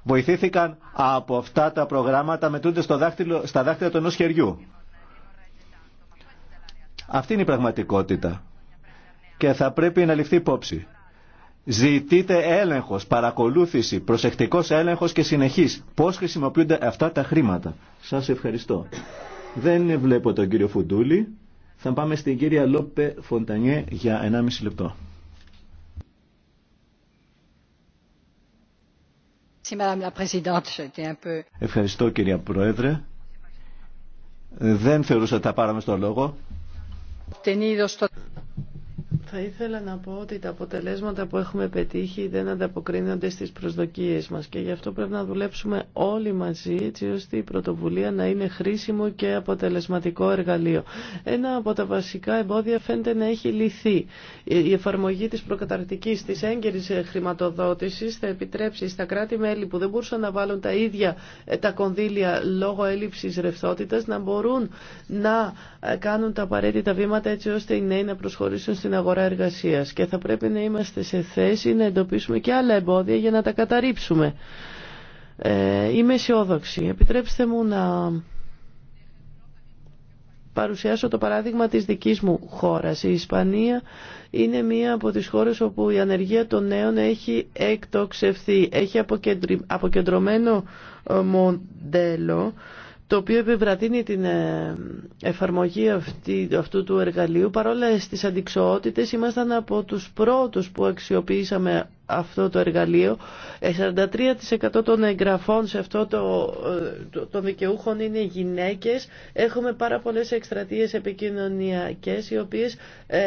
Speaker 1: βοηθήθηκαν από αυτά τα προγράμματα μετρούνται στο δάχτυλο, στα δάχτυλα του ενό χεριού. Αυτή είναι η πραγματικότητα και θα πρέπει να ληφθεί υπόψη. Ζητείτε έλεγχο, παρακολούθηση, προσεκτικό έλεγχο και συνεχής. Πώ χρησιμοποιούνται αυτά τα χρήματα. σα ευχαριστώ. Δεν βλέπω τον κύριο Φουντούλη. Θα πάμε στην κυρία Λόπε Φοντανιέ για 1,5 λεπτό. Ευχαριστώ κυρία Πρόεδρε. Δεν θεωρούσα ότι θα πάραμε στο λόγο.
Speaker 3: Θα ήθελα να πω ότι τα αποτελέσματα που έχουμε πετύχει δεν ανταποκρίνονται στις προσδοκίες μας και γι' αυτό πρέπει να δουλέψουμε όλοι μαζί έτσι ώστε η πρωτοβουλία να είναι χρήσιμο και αποτελεσματικό εργαλείο. Ένα από τα βασικά εμπόδια φαίνεται να έχει λυθεί. Η εφαρμογή της προκαταρκτικής της έγκαιρης ε, χρηματοδότησης θα επιτρέψει στα κράτη-μέλη που δεν μπορούσαν να βάλουν τα ίδια ε, τα κονδύλια λόγω έλλειψης ρευστότητας να μπορούν να ε, κάνουν τα απαραίτητα βήματα έτσι ώστε οι νέοι να προσχωρήσουν στην αγορά αγορά και θα πρέπει να είμαστε σε θέση να εντοπίσουμε και άλλα εμπόδια για να τα καταρρύψουμε. Ε, είμαι αισιόδοξη. Επιτρέψτε μου να παρουσιάσω το παράδειγμα της δικής μου χώρας. Η Ισπανία είναι μία από τις χώρες όπου η ανεργία των νέων έχει εκτοξευθεί. Έχει αποκεντρωμένο ε, μοντέλο το οποίο επιβραδύνει την ε, εφαρμογή αυτή, αυτού του εργαλείου. Παρόλα στις αντικσοότητες ήμασταν από τους πρώτους που αξιοποιήσαμε αυτό το εργαλείο. 43% ε, των εγγραφών σε αυτό ε, το, των δικαιούχων είναι γυναίκες. Έχουμε πάρα πολλές εκστρατείες επικοινωνιακές οι οποίες ε,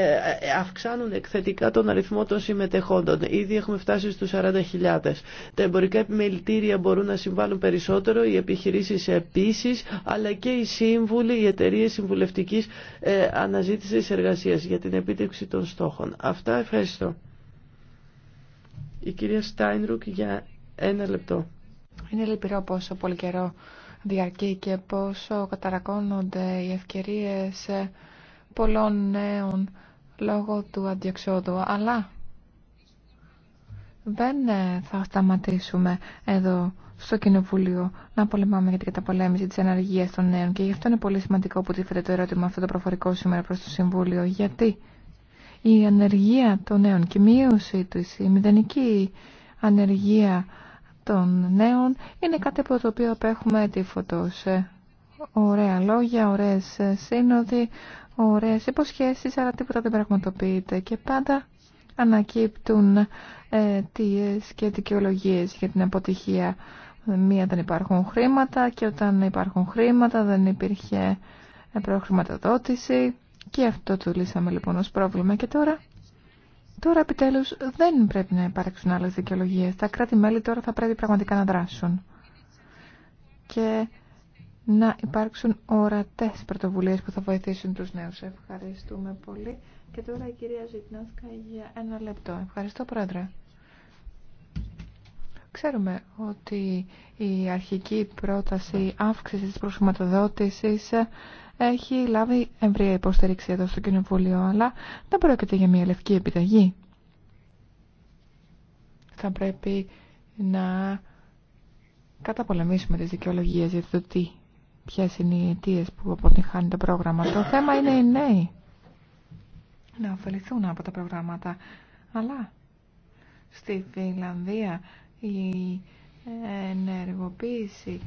Speaker 3: αυξάνουν εκθετικά τον αριθμό των συμμετεχόντων. Ήδη έχουμε φτάσει στους 40.000. Τα εμπορικά επιμελητήρια μπορούν να συμβάλλουν περισσότερο, οι επιχειρήσεις επίσης, αλλά και οι σύμβουλοι, οι εταιρείε συμβουλευτικής αναζήτησης εργασίας για την επίτευξη των στόχων. Αυτά ευχαριστώ. Η κυρία Στάινρουκ για ένα λεπτό.
Speaker 2: Είναι λυπηρό πόσο πολύ καιρό διαρκεί και πόσο καταρακώνονται οι ευκαιρίες πολλών νέων λόγω του αντιεξόδου. Αλλά δεν θα σταματήσουμε εδώ στο Κοινοβούλιο να πολεμάμε για την καταπολέμηση της ενέργειας των νέων και γι' αυτό είναι πολύ σημαντικό που τίθεται το ερώτημα αυτό το προφορικό σήμερα προς το Συμβούλιο. Γιατί η ανεργία των νέων και η μείωση της, η μηδενική ανεργία των νέων είναι κάτι από το οποίο απέχουμε φωτός. Ε, ωραία λόγια, ωραίες ε, σύνοδοι, ωραίες υποσχέσεις, αλλά τίποτα δεν πραγματοποιείται και πάντα ανακύπτουν ε, τι και δικαιολογίε για την αποτυχία. Μία δεν υπάρχουν χρήματα και όταν υπάρχουν χρήματα δεν υπήρχε προχρηματοδότηση. Και αυτό το λύσαμε λοιπόν ως πρόβλημα και τώρα... Τώρα επιτέλους δεν πρέπει να υπάρξουν άλλες δικαιολογίε. Τα κράτη-μέλη τώρα θα πρέπει πραγματικά να δράσουν και να υπάρξουν ορατές πρωτοβουλίες που θα βοηθήσουν τους νέους. Ευχαριστούμε πολύ. Και τώρα η κυρία Ζητνάσκα για ένα λεπτό. Ευχαριστώ πρόεδρε. Ξέρουμε ότι η αρχική πρόταση αύξησης της προσχηματοδότησης έχει λάβει εμβρία υποστήριξη εδώ στο Κοινοβούλιο, αλλά δεν πρόκειται για μια λευκή επιταγή. Θα πρέπει να καταπολεμήσουμε τις δικαιολογίε για το τι, ποιε είναι οι αιτίε που αποτυγχάνει το πρόγραμμα. Το θέμα είναι οι νέοι να ωφεληθούν από τα προγράμματα, αλλά στη Φιλανδία η ενεργοποίηση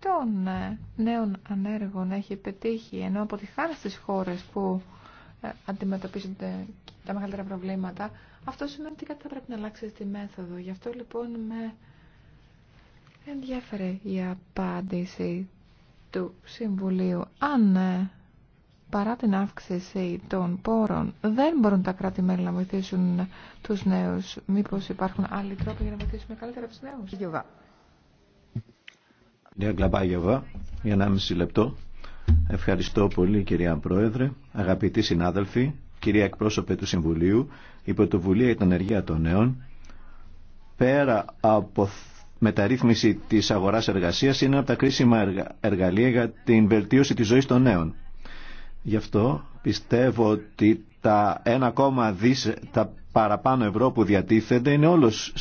Speaker 2: των ε, νέων ανέργων έχει πετύχει, ενώ χάρη στις χώρες που ε, αντιμετωπίζονται τα μεγαλύτερα προβλήματα, αυτό σημαίνει ότι κάτι θα πρέπει να αλλάξει στη μέθοδο. Γι' αυτό λοιπόν με ενδιαφέρε η απάντηση του Συμβουλίου. Αν ε, παρά την αύξηση των πόρων δεν μπορούν τα κράτη-μέλη να βοηθήσουν τους νέους, μήπως υπάρχουν άλλοι τρόποι για να βοηθήσουμε καλύτερα τους νέους.
Speaker 1: Κυρία Γκλαμπάγεβα, για λεπτό. Ευχαριστώ πολύ κυρία Πρόεδρε, αγαπητοί συνάδελφοι, κυρία εκπρόσωπε του Συμβουλίου, η πρωτοβουλία για την ενεργεία των νέων, πέρα από μεταρρύθμιση της αγοράς εργασίας, είναι ένα από τα κρίσιμα εργαλεία για την βελτίωση της ζωής των νέων. Γι' αυτό πιστεύω ότι τα 1,2 τα παραπάνω ευρώ που διατίθενται είναι όλος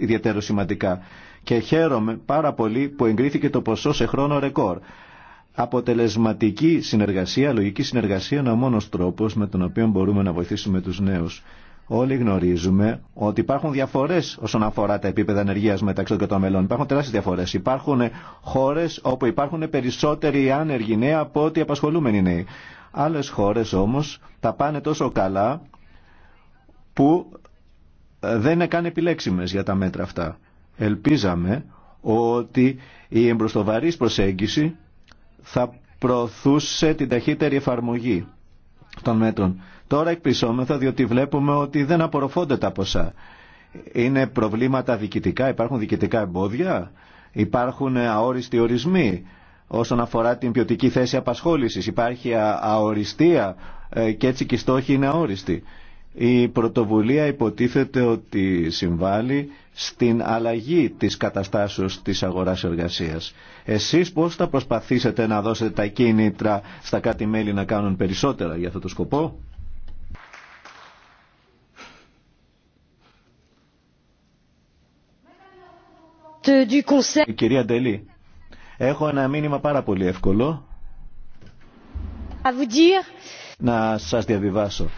Speaker 1: ιδιαίτερο σημαντικά και χαίρομαι πάρα πολύ που εγκρίθηκε το ποσό σε χρόνο ρεκόρ. Αποτελεσματική συνεργασία, λογική συνεργασία είναι ο μόνος τρόπος με τον οποίο μπορούμε να βοηθήσουμε τους νέους. Όλοι γνωρίζουμε ότι υπάρχουν διαφορέ όσον αφορά τα επίπεδα ενεργεία μεταξύ των κρατών μελών. Υπάρχουν τεράστιε διαφορέ. Υπάρχουν χώρε όπου υπάρχουν περισσότεροι άνεργοι νέοι από ό,τι απασχολούμενοι νέοι. Άλλε χώρε όμω τα πάνε τόσο καλά που δεν είναι καν επιλέξιμε για τα μέτρα αυτά. Ελπίζαμε ότι η εμπροστοβαρής προσέγγιση θα προωθούσε την ταχύτερη εφαρμογή των μέτρων. Τώρα εκπλησόμεθα διότι βλέπουμε ότι δεν απορροφώνται τα ποσά. Είναι προβλήματα διοικητικά, υπάρχουν διοικητικά εμπόδια, υπάρχουν αόριστοι ορισμοί όσον αφορά την ποιοτική θέση απασχόλησης, υπάρχει αοριστία ε, και έτσι και οι στόχοι είναι αόριστοι. Η πρωτοβουλία υποτίθεται ότι συμβάλλει στην αλλαγή της καταστάσεως της αγοράς εργασίας. Εσείς πώς θα προσπαθήσετε να δώσετε τα κίνητρα στα κάτι μέλη να κάνουν περισσότερα για αυτό το σκοπό. κυρία Ντελή, έχω ένα μήνυμα πάρα πολύ εύκολο να σας διαβιβάσω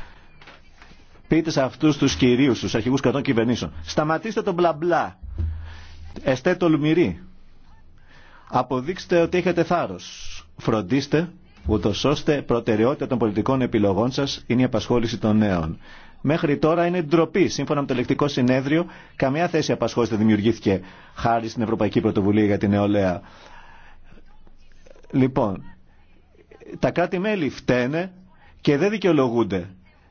Speaker 1: πείτε σε αυτού του κυρίου, του αρχηγού κρατών κυβερνήσεων, σταματήστε τον μπλα μπλα, εστέ τολμηροί, αποδείξτε ότι έχετε θάρρο. φροντίστε ούτω ώστε προτεραιότητα των πολιτικών επιλογών σα είναι η απασχόληση των νέων. Μέχρι τώρα είναι ντροπή. Σύμφωνα με το ελεκτικό συνέδριο, καμιά θέση απασχόληση δεν δημιουργήθηκε χάρη στην Ευρωπαϊκή Πρωτοβουλία για την Νεολαία. Λοιπόν, τα κράτη-μέλη φταίνε και δεν δικαιολογούνται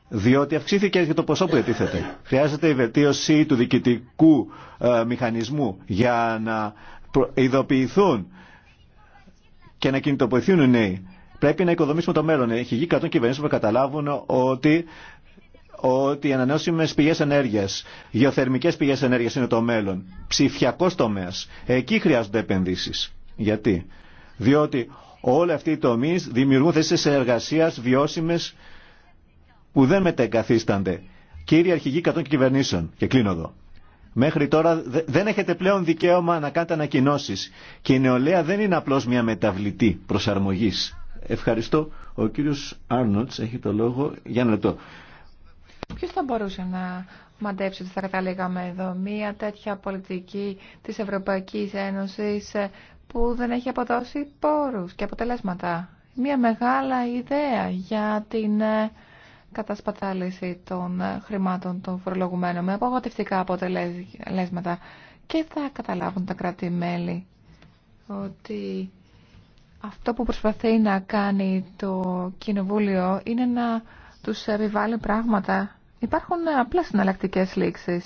Speaker 1: διότι αυξήθηκε και το ποσό που ετίθεται. Χρειάζεται η βελτίωση του διοικητικού ε, μηχανισμού για να ειδοποιηθούν και να κινητοποιηθούν οι νέοι. Πρέπει να οικοδομήσουμε το μέλλον. Έχει γίνει κρατών κυβερνήσεων που καταλάβουν ότι ότι οι ανανεώσιμε πηγέ ενέργεια, γεωθερμικέ πηγέ ενέργεια είναι το μέλλον. Ψηφιακό τομέα. Εκεί χρειάζονται επενδύσει. Γιατί? Διότι όλοι αυτοί οι τομεί δημιουργούν θέσει εργασία βιώσιμε που δεν μετεγκαθίστανται. Κύριοι αρχηγοί κατών και κυβερνήσεων, και κλείνω εδώ. Μέχρι τώρα δεν έχετε πλέον δικαίωμα να κάνετε ανακοινώσει. Και η νεολαία δεν είναι απλώ μια μεταβλητή προσαρμογή. Ευχαριστώ. Ο κύριο Άρνοτ έχει το λόγο για ένα λεπτό.
Speaker 2: Ποιο θα μπορούσε να μαντέψει ότι θα καταλήγαμε εδώ μια τέτοια πολιτική της Ευρωπαϊκής Ένωσης ε, που δεν έχει αποδώσει πόρους και αποτελέσματα. Μια μεγάλα ιδέα για την ε, κατασπατάληση των ε, χρημάτων των φορολογουμένων με απογοητευτικά αποτελέσματα και θα καταλάβουν τα κράτη-μέλη ότι αυτό που προσπαθεί να κάνει το Κοινοβούλιο είναι να τους επιβάλλει πράγματα Υπάρχουν απλά συναλλακτικέ λήξει.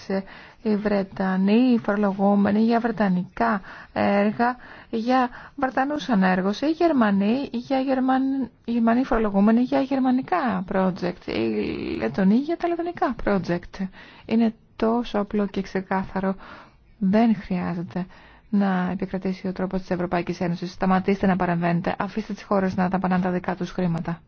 Speaker 2: Οι Βρετανοί, φορολογούμενοι για βρετανικά έργα, για βρετανού ανέργου. οι Γερμανοί, για Γερμαν... Γερμανοί φορολογούμενοι για γερμανικά project, οι Λετωνοί για τα λετωνικά project. Είναι τόσο απλό και ξεκάθαρο. Δεν χρειάζεται να επικρατήσει ο τρόπος της Ευρωπαϊκής Ένωσης. Σταματήστε να παρεμβαίνετε. Αφήστε τις χώρες να τα πανάνε τα δικά τους χρήματα.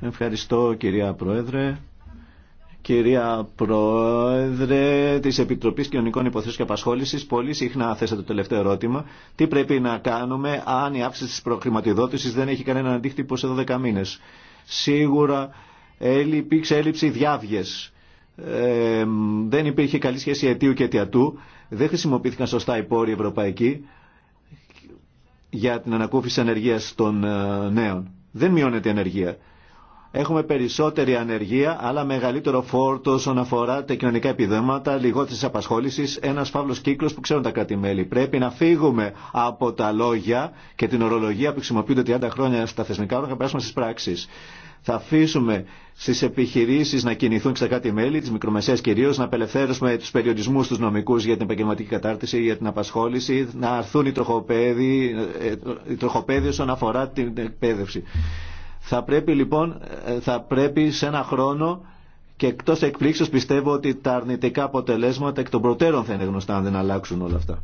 Speaker 1: Ευχαριστώ κυρία Πρόεδρε. Κυρία Πρόεδρε τη Επιτροπή Κοινωνικών Υποθέσεων και Απασχόληση, πολύ συχνά θέσατε το τελευταίο ερώτημα. Τι πρέπει να κάνουμε αν η αύξηση τη προχρηματοδότηση δεν έχει κανένα αντίκτυπο σε 12 μήνε. Σίγουρα υπήρξε έλλειψη διάβγε. δεν υπήρχε καλή σχέση αιτίου και αιτιατού. Δεν χρησιμοποιήθηκαν σωστά οι πόροι ευρωπαϊκοί για την ανακούφιση ανεργία των ε, νέων. Δεν μειώνεται η ανεργία. Έχουμε περισσότερη ανεργία, αλλά μεγαλύτερο φόρτο όσον αφορά τα κοινωνικά επιδόματα, λιγότερη απασχόληση, ένα φαύλο κύκλο που ξέρουν τα κράτη-μέλη. Πρέπει να φύγουμε από τα λόγια και την ορολογία που χρησιμοποιούνται 30 χρόνια στα θεσμικά όργανα και περάσουμε στι πράξει. Θα αφήσουμε στι επιχειρήσει να κινηθούν σε κάτι μέλη, τι μικρομεσαίε κυρίω, να απελευθέρωσουμε του περιορισμού του νομικού για την επαγγελματική κατάρτιση, για την απασχόληση, να αρθούν οι τροχοπέδοι, ε, οι όσον αφορά την εκπαίδευση. Θα πρέπει λοιπόν, ε, θα πρέπει σε ένα χρόνο και εκτό εκπλήξεω πιστεύω ότι τα αρνητικά αποτελέσματα εκ των προτέρων θα είναι γνωστά αν δεν αλλάξουν όλα αυτά.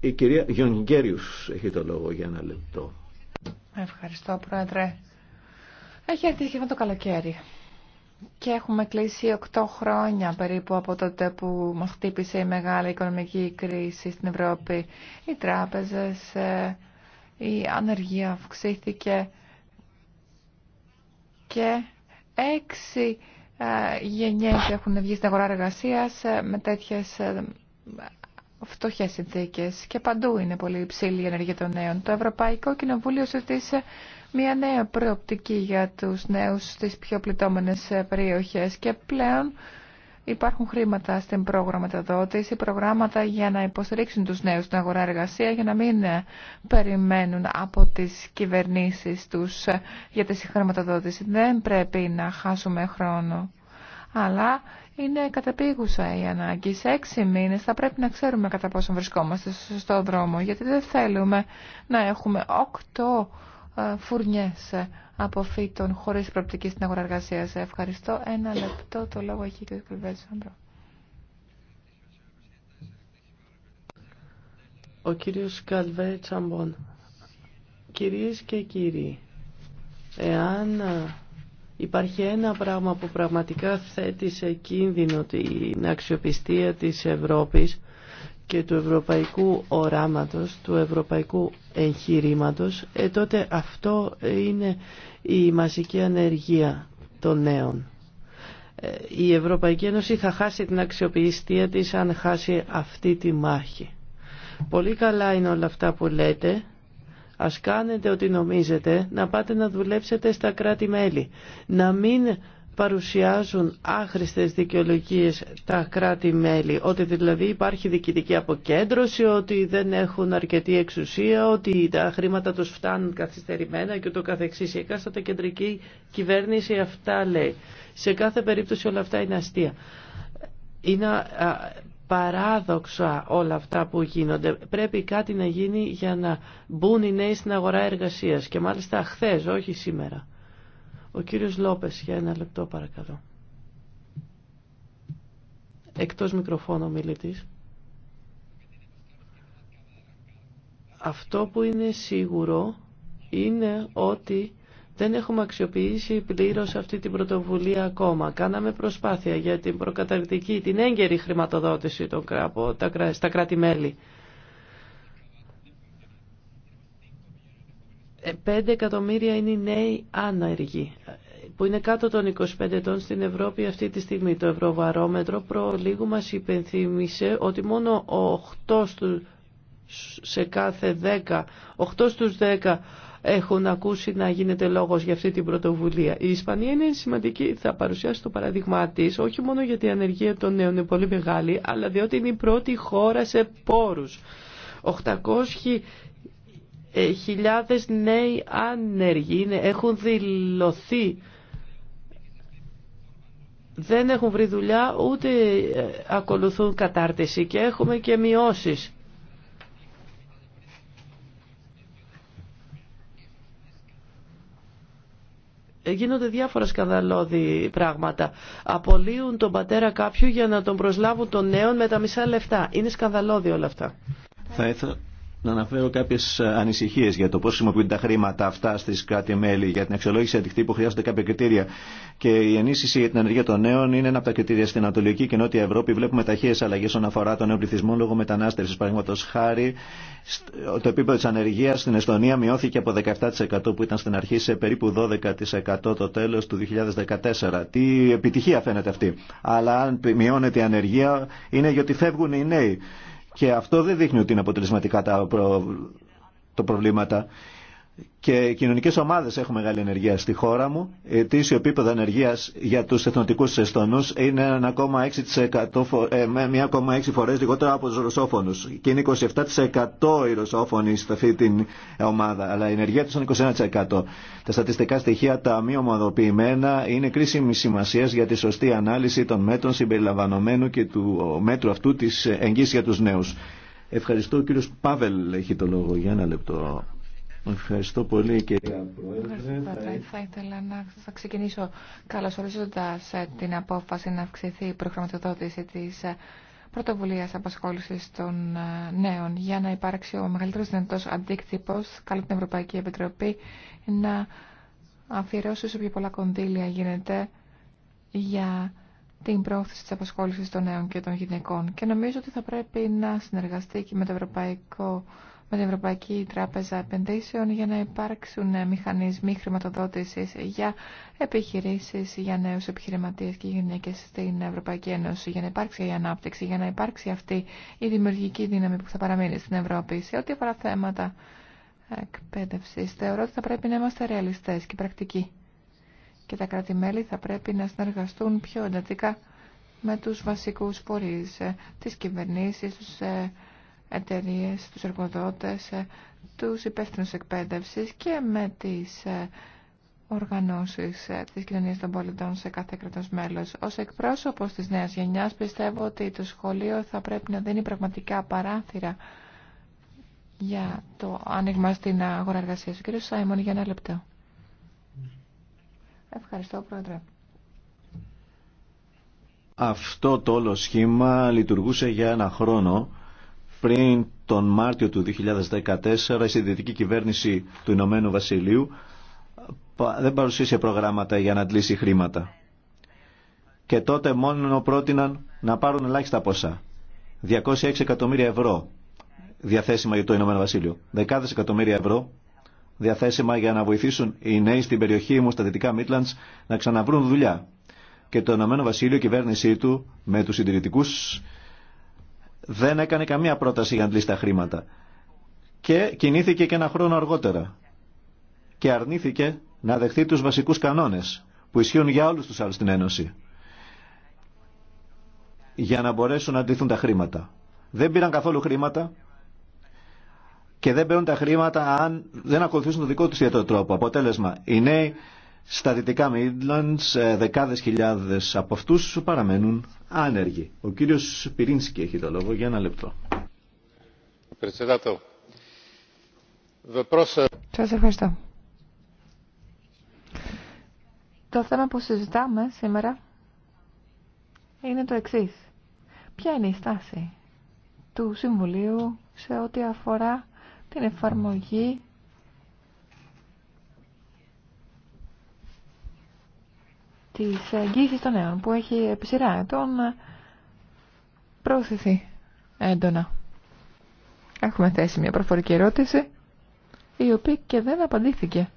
Speaker 1: Η κυρία Γιονγκέριους έχει το λόγο για ένα λεπτό.
Speaker 2: Ευχαριστώ, Πρόεδρε. Έχει έρθει και το καλοκαίρι. Και έχουμε κλείσει 8 χρόνια περίπου από τότε που μας χτύπησε η μεγάλη οικονομική κρίση στην Ευρώπη. Οι τράπεζες, ε, η ανεργία αυξήθηκε και έξι ε, γενιές έχουν βγει στην αγορά εργασίας ε, με τέτοιες φτωχές συνθήκε και παντού είναι πολύ υψηλή η ενέργεια των νέων. Το Ευρωπαϊκό Κοινοβούλιο συζητήσε μια νέα προοπτική για τους νέους στις πιο πληττόμενες περιοχές και πλέον υπάρχουν χρήματα στην προγραμματοδότηση, προγράμματα για να υποστηρίξουν τους νέους στην αγορά εργασία για να μην περιμένουν από τις κυβερνήσεις τους για τη συγχρηματοδότηση. Δεν πρέπει να χάσουμε χρόνο αλλά είναι καταπήγουσα η ανάγκη. Σε έξι μήνες θα πρέπει να ξέρουμε κατά πόσο βρισκόμαστε στο σωστό δρόμο, γιατί δεν θέλουμε να έχουμε οκτώ ε, φουρνιές ε, από φύτων χωρίς προοπτική στην αγορά εργασία. Ευχαριστώ. Ένα λεπτό το λόγο έχει και ο Κλειβέζης.
Speaker 3: Ο κύριος Καλβέ Τσαμπών. Κυρίες και κύριοι, εάν ε, Υπάρχει ένα πράγμα που πραγματικά θέτει σε κίνδυνο την αξιοπιστία της Ευρώπης και του ευρωπαϊκού οράματος, του ευρωπαϊκού εγχειρήματος, ε, τότε αυτό είναι η μαζική ανεργία των νέων. Ε, η Ευρωπαϊκή Ένωση θα χάσει την αξιοπιστία της αν χάσει αυτή τη μάχη. Πολύ καλά είναι όλα αυτά που λέτε, Ας κάνετε ό,τι νομίζετε, να πάτε να δουλέψετε στα κράτη-μέλη. Να μην παρουσιάζουν άχρηστες δικαιολογίε τα κράτη-μέλη, ότι δηλαδή υπάρχει διοικητική αποκέντρωση, ότι δεν έχουν αρκετή εξουσία, ότι τα χρήματα τους φτάνουν καθυστερημένα και ούτω καθεξής. Η εκάστοτε κεντρική κυβέρνηση αυτά λέει. Σε κάθε περίπτωση όλα αυτά είναι αστεία παράδοξα όλα αυτά που γίνονται. Πρέπει κάτι να γίνει για να μπουν οι νέοι στην αγορά εργασίας και μάλιστα χθες, όχι σήμερα. Ο κύριος Λόπες, για ένα λεπτό παρακαλώ. Εκτός μικροφώνου μιλητής. Αυτό που είναι σίγουρο είναι ότι δεν έχουμε αξιοποιήσει πλήρως αυτή την πρωτοβουλία ακόμα. Κάναμε προσπάθεια για την προκαταρκτική, την έγκαιρη χρηματοδότηση των κράπο, στα κράτη-μέλη. 5 ε, εκατομμύρια είναι οι νέοι άνεργοι που είναι κάτω των 25 ετών στην Ευρώπη αυτή τη στιγμή. Το Ευρωβαρόμετρο προ λίγο μας υπενθύμησε ότι μόνο 8 στους, σε κάθε 10, 8 στους 10 έχουν ακούσει να γίνεται λόγος για αυτή την πρωτοβουλία. Η Ισπανία είναι σημαντική, θα παρουσιάσει το παράδειγμά τη, όχι μόνο γιατί η ανεργία των νέων είναι πολύ μεγάλη, αλλά διότι είναι η πρώτη χώρα σε πόρους. 800 νέοι άνεργοι έχουν δηλωθεί δεν έχουν βρει δουλειά ούτε ε, ακολουθούν κατάρτιση και έχουμε και μειώσεις γίνονται διάφορα σκανδαλώδη πράγματα. Απολύουν τον πατέρα κάποιου για να τον προσλάβουν τον νέον με τα μισά λεφτά. Είναι σκανδαλώδη όλα αυτά
Speaker 1: να αναφέρω κάποιε ανησυχίε για το πώ χρησιμοποιούνται τα χρήματα αυτά στι κράτη-μέλη για την αξιολόγηση αντικτή που Χρειάζονται κάποια κριτήρια. Και η ενίσχυση για την ανεργία των νέων είναι ένα από τα κριτήρια στην Ανατολική και Νότια Ευρώπη. Βλέπουμε ταχύε αλλαγέ όσον αφορά τον νέο πληθυσμό λόγω μετανάστευση. Παραδείγματο χάρη, το επίπεδο τη ανεργία στην Εστονία μειώθηκε από 17% που ήταν στην αρχή σε περίπου 12% το τέλο του 2014. Τι επιτυχία φαίνεται αυτή. Αλλά αν μειώνεται η ανεργία είναι γιατί φεύγουν οι νέοι. Και αυτό δεν δείχνει ότι είναι αποτελεσματικά τα το προβλήματα και κοινωνικέ ομάδε έχουν μεγάλη ενεργεία στη χώρα μου. Ετήσιο επίπεδο ενεργεία για του εθνοτικού Εστονού είναι 1,6 ε, φορέ λιγότερο από του ρωσόφωνου. Και είναι 27% οι ρωσόφωνοι σε αυτή την ομάδα. Αλλά η ενεργεία του είναι 21%. Τα στατιστικά στοιχεία, τα μη ομοδοποιημένα, είναι κρίσιμη σημασία για τη σωστή ανάλυση των μέτρων συμπεριλαμβανομένου και του μέτρου αυτού τη εγγύηση για του νέου. Ευχαριστώ. Ο κύριο Πάβελ έχει το λόγο για ένα λεπτό. Ευχαριστώ πολύ κυρία
Speaker 4: Πρόεδρε. Θα...
Speaker 2: θα ήθελα να ξεκινήσω καλωσορίζοντας ε, την απόφαση να αυξηθεί η προγραμματοδότηση της ε, πρωτοβουλίας απασχόλησης των ε, νέων για να υπάρξει ο μεγαλύτερος δυνατός αντίκτυπος καλό την Ευρωπαϊκή Επιτροπή να αφιερώσει όσο πιο πολλά κονδύλια γίνεται για την πρόθεση της απασχόλησης των νέων και των γυναικών και νομίζω ότι θα πρέπει να συνεργαστεί και με το Ευρωπαϊκό με την Ευρωπαϊκή Τράπεζα Επενδύσεων για να υπάρξουν μηχανισμοί χρηματοδότησης για επιχειρήσεις, για νέους επιχειρηματίες και γυναίκες στην Ευρωπαϊκή Ένωση, για να υπάρξει η ανάπτυξη, για να υπάρξει αυτή η δημιουργική δύναμη που θα παραμείνει στην Ευρώπη σε ό,τι αφορά θέματα εκπαίδευση. Θεωρώ ότι θα πρέπει να είμαστε ρεαλιστές και πρακτικοί και τα κράτη-μέλη θα πρέπει να συνεργαστούν πιο εντατικά με τους βασικούς φορείς, ε, τις κυβερνήσεις, τους ε, εταιρείε, του εργοδότες, ε, τους υπεύθυνους εκπαίδευσης και με τις ε, οργανώσεις ε, της κοινωνίας των πολιτών σε κάθε κρατός μέλος. Ως εκπρόσωπος της νέας γενιάς πιστεύω ότι το σχολείο θα πρέπει να δίνει πραγματικά παράθυρα για το άνοιγμα στην αγορά εργασία. Ο κύριος Σάιμον για ένα λεπτό. Ευχαριστώ πρόεδρε.
Speaker 1: Αυτό το όλο σχήμα λειτουργούσε για ένα χρόνο πριν τον Μάρτιο του 2014 η συντηρητική κυβέρνηση του Ηνωμένου Βασιλείου δεν παρουσίασε προγράμματα για να αντλήσει χρήματα. Και τότε μόνο πρότειναν να πάρουν ελάχιστα ποσά. 206 εκατομμύρια ευρώ διαθέσιμα για το Ηνωμένο Βασίλειο. Δεκάδες εκατομμύρια ευρώ διαθέσιμα για να βοηθήσουν οι νέοι στην περιοχή μου στα Δυτικά Μίτλαντς να ξαναβρούν δουλειά. Και το Ηνωμένο Βασίλειο, η κυβέρνησή του με τους συντηρητικούς δεν έκανε καμία πρόταση για να αντλήσει τα χρήματα. Και κινήθηκε και ένα χρόνο αργότερα. Και αρνήθηκε να δεχθεί τους βασικούς κανόνες που ισχύουν για όλους τους άλλους στην Ένωση. Για να μπορέσουν να αντληθούν τα χρήματα. Δεν πήραν καθόλου χρήματα και δεν παίρνουν τα χρήματα αν δεν ακολουθήσουν το δικό τους ιδιαίτερο τρόπο. Αποτέλεσμα, οι νέοι στα δυτικά Midlands ε, δεκάδες χιλιάδες από αυτούς παραμένουν άνεργοι. Ο κύριος Πυρίνσκι έχει το λόγο για ένα λεπτό.
Speaker 4: Σας ευχαριστώ.
Speaker 2: Το θέμα που συζητάμε σήμερα είναι το εξής. Ποια είναι η στάση του Συμβουλίου σε ό,τι αφορά την εφαρμογή της εγγύησης των νέων που έχει επί σειρά ετών ε, προωθηθεί έντονα. Έχουμε θέσει μια προφορική ερώτηση η οποία και δεν απαντήθηκε.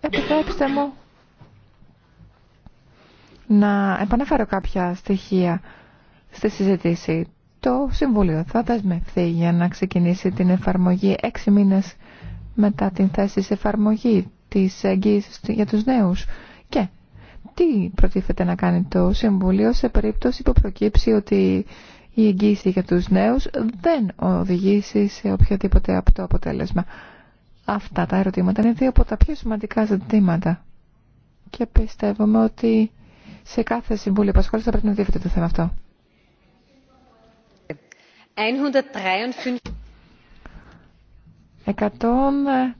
Speaker 2: Επιτρέψτε μου να επαναφέρω κάποια στοιχεία στη συζήτηση. Το Συμβούλιο θα δεσμευθεί για να ξεκινήσει την εφαρμογή έξι μήνες μετά την θέση σε εφαρμογή της εγγύησης για τους νέους. Και τι προτίθεται να κάνει το Συμβούλιο σε περίπτωση που προκύψει ότι η εγγύηση για τους νέους δεν οδηγήσει σε οποιοδήποτε το αποτέλεσμα. Αυτά τα ερωτήματα είναι δύο από τα πιο σημαντικά ζητήματα. Και πιστεύουμε ότι σε κάθε Συμβούλιο Επασχόληση θα πρέπει να το θέμα αυτό.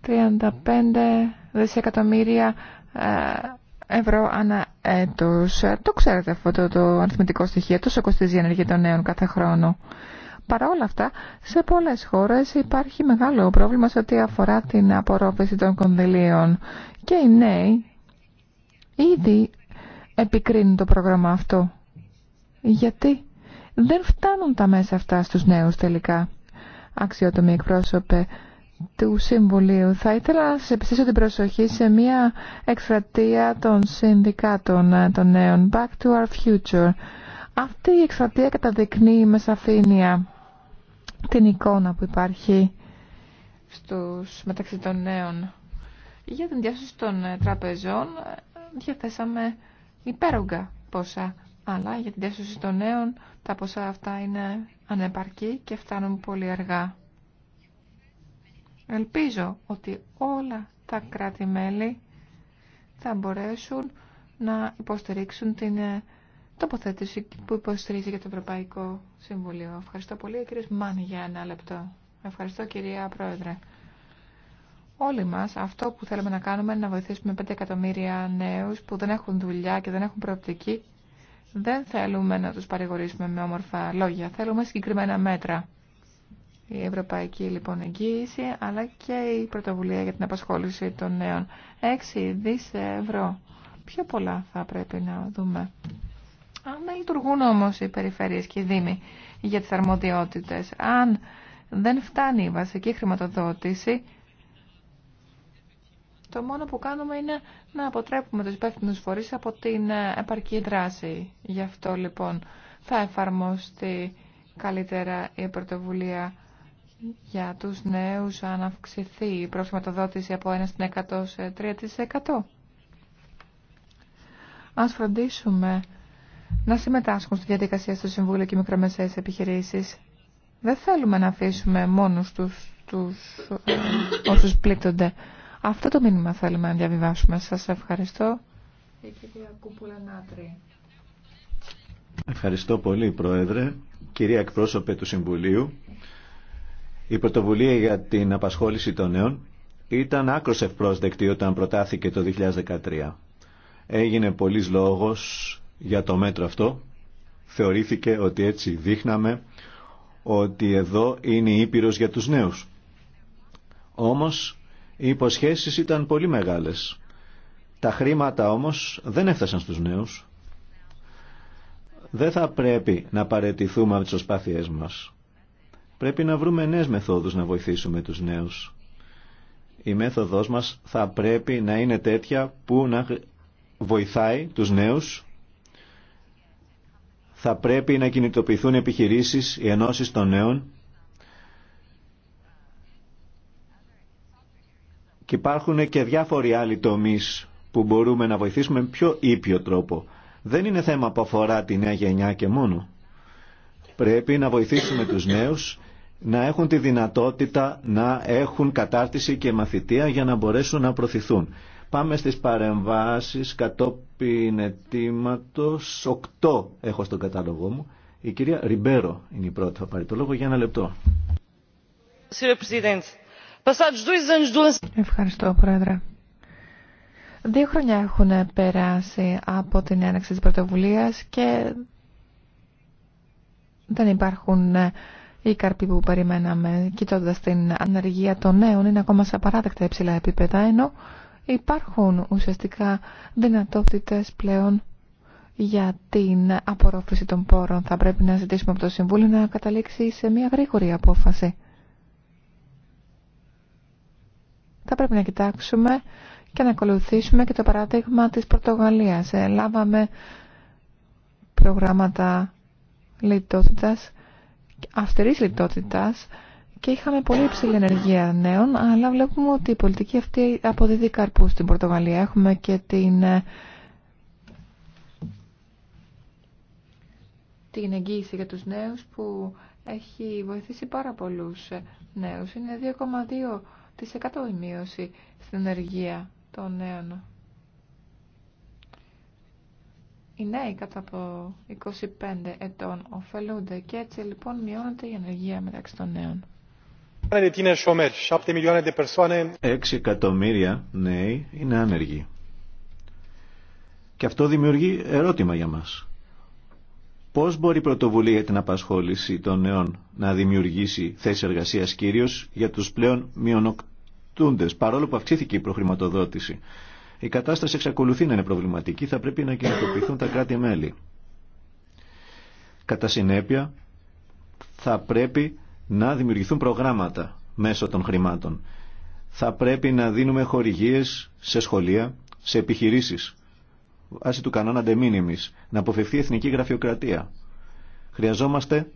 Speaker 2: 135 δισεκατομμύρια ε, ευρώ ανά έτος. Το ξέρετε αυτό το, αριθμητικό στοιχείο, τόσο κοστίζει η ενέργεια των νέων κάθε χρόνο. Παρά όλα αυτά, σε πολλές χώρες υπάρχει μεγάλο πρόβλημα σε ό,τι αφορά την απορρόφηση των κονδυλίων. Και οι νέοι ήδη επικρίνουν το πρόγραμμα αυτό. Γιατί δεν φτάνουν τα μέσα αυτά στους νέους τελικά. Αξιότομοι εκπρόσωπε, του Συμβουλίου. Θα ήθελα να σας επιστήσω την προσοχή σε μια εκστρατεία των συνδικάτων ε, των νέων «Back to our future». Αυτή η εκστρατεία καταδεικνύει με σαφήνεια την εικόνα που υπάρχει στους, μεταξύ των νέων. Για την διάσωση των ε, τραπεζών ε, διαθέσαμε υπέρογκα ποσά, αλλά για την διάσωση των νέων τα ποσά αυτά είναι ανεπαρκή και φτάνουν πολύ αργά. Ελπίζω ότι όλα τα κράτη-μέλη θα μπορέσουν να υποστηρίξουν την ε, τοποθέτηση που υποστηρίζει και το Ευρωπαϊκό Συμβουλίο. Ευχαριστώ πολύ, κύριε Μάνι, για ένα λεπτό. Ευχαριστώ, κυρία Πρόεδρε. Όλοι μας αυτό που θέλουμε να κάνουμε είναι να βοηθήσουμε 5 εκατομμύρια νέους που δεν έχουν δουλειά και δεν έχουν προοπτική. Δεν θέλουμε να τους παρηγορήσουμε με όμορφα λόγια. Θέλουμε συγκεκριμένα μέτρα η ευρωπαϊκή λοιπόν εγγύηση αλλά και η πρωτοβουλία για την απασχόληση των νέων. 6 δις ευρώ. Πιο πολλά θα πρέπει να δούμε. Αν δεν λειτουργούν όμως οι περιφέρειες και οι δήμοι για τις αρμοδιότητες, αν δεν φτάνει η βασική χρηματοδότηση, το μόνο που κάνουμε είναι να αποτρέπουμε τους υπεύθυνους φορείς από την επαρκή δράση. Γι' αυτό λοιπόν θα εφαρμοστεί καλύτερα η πρωτοβουλία για τους νέους αν αυξηθεί η προσματοδότηση από 1 σε 3%. Ας φροντίσουμε να συμμετάσχουν στη διαδικασία στο Συμβούλιο και οι μικρομεσαίες επιχειρήσεις. Δεν θέλουμε να αφήσουμε μόνους τους, τους ε, όσους πλήττονται. Αυτό το μήνυμα θέλουμε να διαβιβάσουμε. Σας ευχαριστώ. Η κυρία Κούπουλα Νάτρη.
Speaker 1: Ευχαριστώ πολύ, Πρόεδρε. Κυρία εκπρόσωπε του Συμβουλίου, η πρωτοβουλία για την απασχόληση των νέων ήταν άκρος ευπρόσδεκτη όταν προτάθηκε το 2013. Έγινε πολλής λόγος για το μέτρο αυτό. Θεωρήθηκε ότι έτσι δείχναμε ότι εδώ είναι η για τους νέους. Όμως οι υποσχέσεις ήταν πολύ μεγάλες. Τα χρήματα όμως δεν έφτασαν στους νέους. Δεν θα πρέπει να παρετηθούμε από τις προσπάθειές μας. Πρέπει να βρούμε νέες μεθόδους να βοηθήσουμε τους νέους. Η μέθοδός μας θα πρέπει να είναι τέτοια που να βοηθάει τους νέους. Θα πρέπει να κινητοποιηθούν επιχειρήσεις, οι ενώσεις των νέων. Και υπάρχουν και διάφοροι άλλοι τομείς που μπορούμε να βοηθήσουμε με πιο ήπιο τρόπο. Δεν είναι θέμα που αφορά τη νέα γενιά και μόνο. Πρέπει να βοηθήσουμε τους νέους να έχουν τη δυνατότητα να έχουν κατάρτιση και μαθητεία για να μπορέσουν να προθηθούν. Πάμε στις παρεμβάσεις κατόπιν ετήματος. Οκτώ έχω στον κατάλογό μου. Η κυρία Ριμπέρο είναι η πρώτη. Θα πάρει το λόγο για ένα λεπτό.
Speaker 2: Ευχαριστώ, Πρόεδρε. Δύο χρόνια έχουν περάσει από την έναξη της πρωτοβουλίας και δεν υπάρχουν οι καρποί που περιμέναμε, κοιτώντας την ανεργία των νέων, είναι ακόμα σε απαράδεκτα υψηλά επίπεδα, ενώ υπάρχουν ουσιαστικά δυνατότητες πλέον για την απορρόφηση των πόρων. Θα πρέπει να ζητήσουμε από το Συμβούλιο να καταλήξει σε μια γρήγορη απόφαση. Θα πρέπει να κοιτάξουμε και να ακολουθήσουμε και το παράδειγμα της Πορτογαλίας. Ε, λάβαμε προγράμματα λιτότητας αυστηρής λιτότητας και είχαμε πολύ υψηλή ενεργεία νέων, αλλά βλέπουμε ότι η πολιτική αυτή αποδίδει καρπού στην Πορτογαλία. Έχουμε και την, ε, την εγγύηση για τους νέους που έχει βοηθήσει πάρα πολλούς νέους. Είναι 2,2% η μείωση στην ενεργεία των νέων οι νέοι κατά από 25 ετών ωφελούνται και έτσι λοιπόν μειώνεται η ανεργία μεταξύ των νέων.
Speaker 1: 6 εκατομμύρια νέοι είναι άνεργοι. Και αυτό δημιουργεί ερώτημα για μας. Πώς μπορεί η πρωτοβουλία για την απασχόληση των νέων να δημιουργήσει θέσεις εργασίας κυρίως για τους πλέον μειονοκτούντες, παρόλο που αυξήθηκε η προχρηματοδότηση. Η κατάσταση εξακολουθεί να είναι προβληματική, θα πρέπει να κινητοποιηθούν τα κράτη-μέλη. Κατά συνέπεια, θα πρέπει να δημιουργηθούν προγράμματα μέσω των χρημάτων. Θα πρέπει να δίνουμε χορηγίες σε σχολεία, σε επιχειρήσεις, βάσει του κανόνα de να αποφευθεί εθνική γραφειοκρατία. Χρειαζόμαστε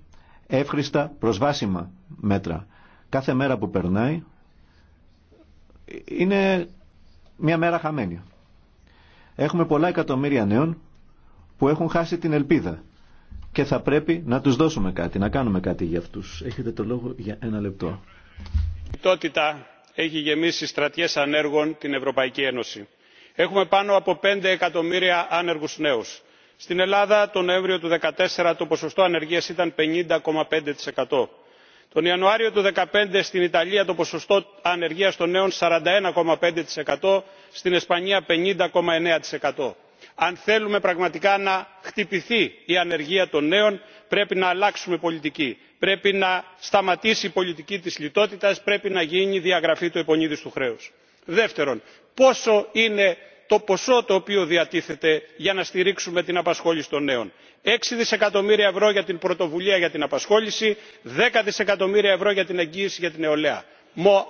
Speaker 1: εύχριστα προσβάσιμα μέτρα. Κάθε μέρα που περνάει είναι μια μέρα χαμένη. Έχουμε πολλά εκατομμύρια νέων που έχουν χάσει την ελπίδα και θα πρέπει να τους δώσουμε κάτι, να κάνουμε κάτι για αυτούς. Έχετε το λόγο για ένα λεπτό.
Speaker 4: Η λιτότητα έχει γεμίσει στρατιές ανέργων την Ευρωπαϊκή Ένωση. Έχουμε πάνω από 5 εκατομμύρια άνεργους νέους. Στην Ελλάδα τον Νοέμβριο του 2014 το ποσοστό ανεργίας ήταν 50,5% τον ιανουάριο του δύο στην ιταλία το ποσοστό ανεργίας των νέων 41,5%, στην ισπανία. 50,9%. αν θέλουμε πραγματικά να χτυπηθεί η ανεργία των νέων πρέπει να αλλάξουμε πολιτική πρέπει να σταματήσει η πολιτική της λιτότητας πρέπει να γίνει διαγραφή του του χρέους. δεύτερον πόσο είναι το ποσό το οποίο διατίθεται για να στηρίξουμε την απασχόληση των νέων έξι δισεκατομμύρια ευρώ για την πρωτοβουλία για την απασχόληση δέκα δισεκατομμύρια ευρώ για την εγγύηση για την νεολαία.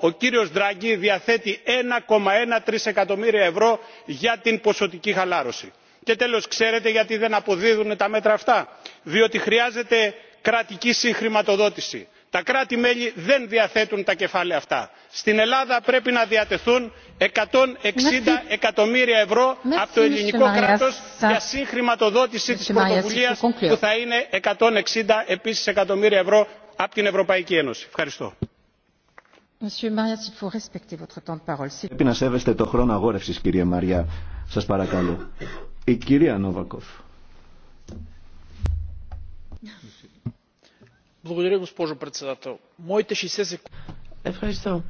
Speaker 4: ο κύριος ντράγκη διαθέτει ένα ένα τρισεκατομμύρια ευρώ για την ποσοτική χαλάρωση. και τέλο ξέρετε γιατί δεν αποδίδουν τα μέτρα αυτά; διότι χρειάζεται κρατική συγχρηματοδότηση τα κράτη μέλη δεν διαθέτουν τα κεφάλαια αυτά. στην ελλάδα πρέπει να διατεθούν 160 εκατομμύρια ευρώ από το ελληνικό κράτος για συγχρηματοδότηση της πρωτοβουλίας που θα είναι 160 επίσης εκατομμύρια ευρώ από την ευρωπαϊκή ένωση. ευχαριστώ. Πρέπει να
Speaker 1: σέβεστε το χρόνο κυρία
Speaker 3: Ευχαριστώ.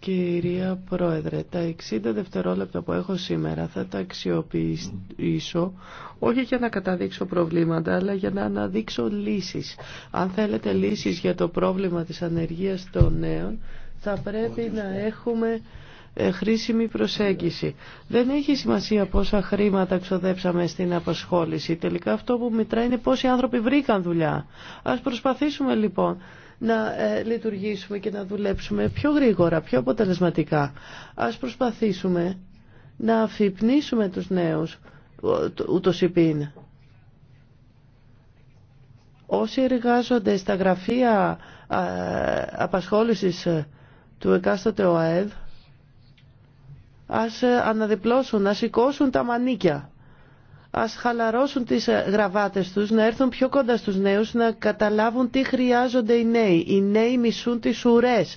Speaker 3: Κυρία Πρόεδρε, τα 60 δευτερόλεπτα που έχω σήμερα θα τα αξιοποιήσω όχι για να καταδείξω προβλήματα, αλλά για να αναδείξω λύσεις. Αν θέλετε λύσεις για το πρόβλημα της ανεργίας των νέων, θα πρέπει να έχουμε ε, χρήσιμη προσέγγιση. Δεν έχει σημασία πόσα χρήματα ξοδέψαμε στην απασχόληση. Τελικά αυτό που μετράει είναι πόσοι άνθρωποι βρήκαν δουλειά. Ας προσπαθήσουμε λοιπόν να ε, λειτουργήσουμε και να δουλέψουμε πιο γρήγορα, πιο αποτελεσματικά. Ας προσπαθήσουμε να αφυπνίσουμε τους νέους, ούτως υπήν. Όσοι εργάζονται στα γραφεία απασχόλησης ε, του εκάστοτε ΟΑΕΔ, ας ε, αναδιπλώσουν, να σηκώσουν τα μανίκια. Ας χαλαρώσουν τις ε, γραβάτες τους, να έρθουν πιο κοντά στους νέους, να καταλάβουν τι χρειάζονται οι νέοι. Οι νέοι μισούν τις ουρές,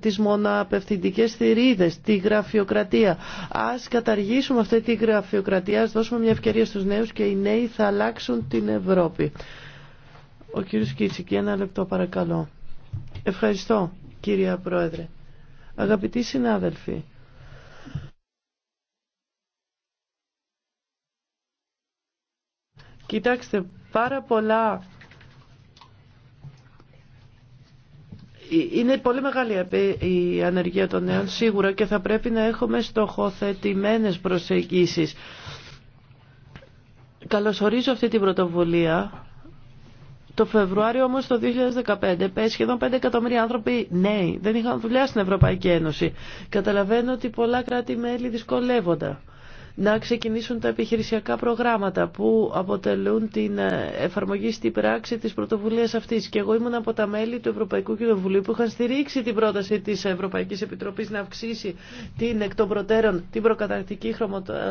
Speaker 3: τις μοναπευθυντικές θηρίδες, τη γραφειοκρατία. Ας καταργήσουμε αυτή τη γραφειοκρατία, ας δώσουμε μια ευκαιρία στους νέους και οι νέοι θα αλλάξουν την Ευρώπη. Ο κύριος Κίτσικη, ένα λεπτό παρακαλώ. Ευχαριστώ, κύριε Πρόεδρε. Αγαπητοί συνάδελφοι, Κοιτάξτε, πάρα πολλά ε, Είναι πολύ μεγάλη η ανεργία των νέων σίγουρα και θα πρέπει να έχουμε στοχοθετημένες προσεγγίσεις. Καλωσορίζω αυτή την πρωτοβουλία. Το Φεβρουάριο όμως το 2015 πες σχεδόν 5 εκατομμύρια άνθρωποι νέοι δεν είχαν δουλειά στην Ευρωπαϊκή Ένωση. Καταλαβαίνω ότι πολλά κράτη-μέλη δυσκολεύονται να ξεκινήσουν τα επιχειρησιακά προγράμματα που αποτελούν την ε, εφαρμογή στην πράξη της πρωτοβουλίας αυτής. Και εγώ ήμουν από τα μέλη του Ευρωπαϊκού Κοινοβουλίου που είχαν στηρίξει την πρόταση της Ευρωπαϊκής Επιτροπής να αυξήσει την εκ των προτέρων την προκαταρκτική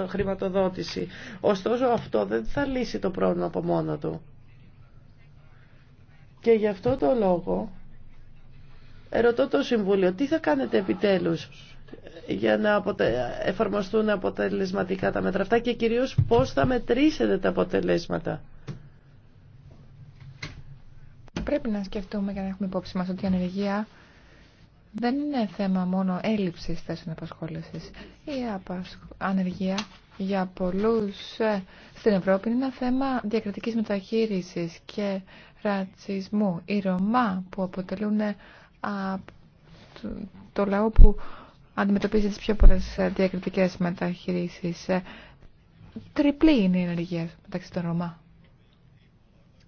Speaker 3: ε, χρηματοδότηση. Ωστόσο αυτό δεν θα λύσει το πρόβλημα από μόνο του. Και γι' αυτό το λόγο ερωτώ το Συμβούλιο τι θα κάνετε επιτέλους για να αποτε... εφαρμοστούν αποτελεσματικά τα μέτρα αυτά και κυρίως πώς θα μετρήσετε τα αποτελέσματα. Πρέπει
Speaker 2: να σκεφτούμε και να έχουμε υπόψη μας ότι η ανεργία δεν είναι θέμα μόνο έλλειψης θέσεων απασχόλησης. Η ανεργία για πολλούς ε, στην Ευρώπη είναι ένα θέμα διακριτικής μεταχείρισης και ρατσισμού. Οι Ρωμά που αποτελούν ε, το λαό που αντιμετωπίζει τις πιο πολλές ε, διακριτικές μεταχειρήσεις. Ε, τριπλή είναι η ενεργεία μεταξύ των Ρωμά.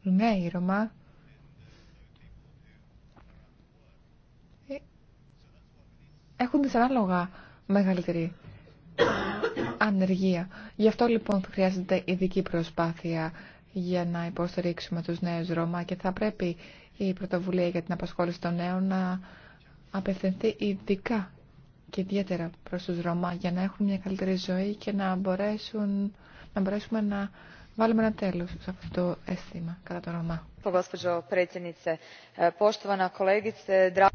Speaker 2: Ναι, οι Ρωμά ε, έχουν δυσανάλογα μεγαλύτερη ανεργία. Γι' αυτό λοιπόν χρειάζεται ειδική προσπάθεια για να υποστηρίξουμε τους νέους Ρώμα και θα πρέπει η πρωτοβουλία για την απασχόληση των νέων να απευθυνθεί ειδικά και ιδιαίτερα προς τους Ρωμά για να έχουν μια καλύτερη ζωή και να, μπορέσουν, να μπορέσουμε να βάλουμε ένα τέλος σε αυτό το αίσθημα κατά το Ρωμά.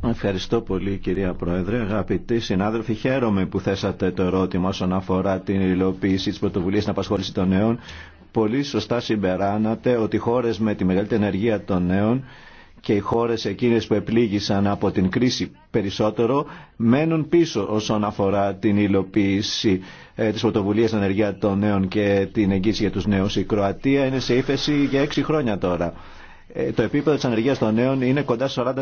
Speaker 1: Ευχαριστώ πολύ κυρία Πρόεδρε. Αγαπητοί συνάδελφοι, χαίρομαι που θέσατε το ερώτημα όσον αφορά την υλοποίηση της πρωτοβουλία στην απασχόληση των νέων. Πολύ σωστά συμπεράνατε ότι χώρες με τη μεγαλύτερη ενεργεία των νέων και οι χώρες εκείνες που επλήγησαν από την κρίση περισσότερο μένουν πίσω όσον αφορά την υλοποίηση ε, της πρωτοβουλίας ανεργία των νέων και την εγγύηση για τους νέους. Η Κροατία είναι σε ύφεση για έξι χρόνια τώρα. Ε, το επίπεδο της ανεργίας των νέων είναι κοντά στο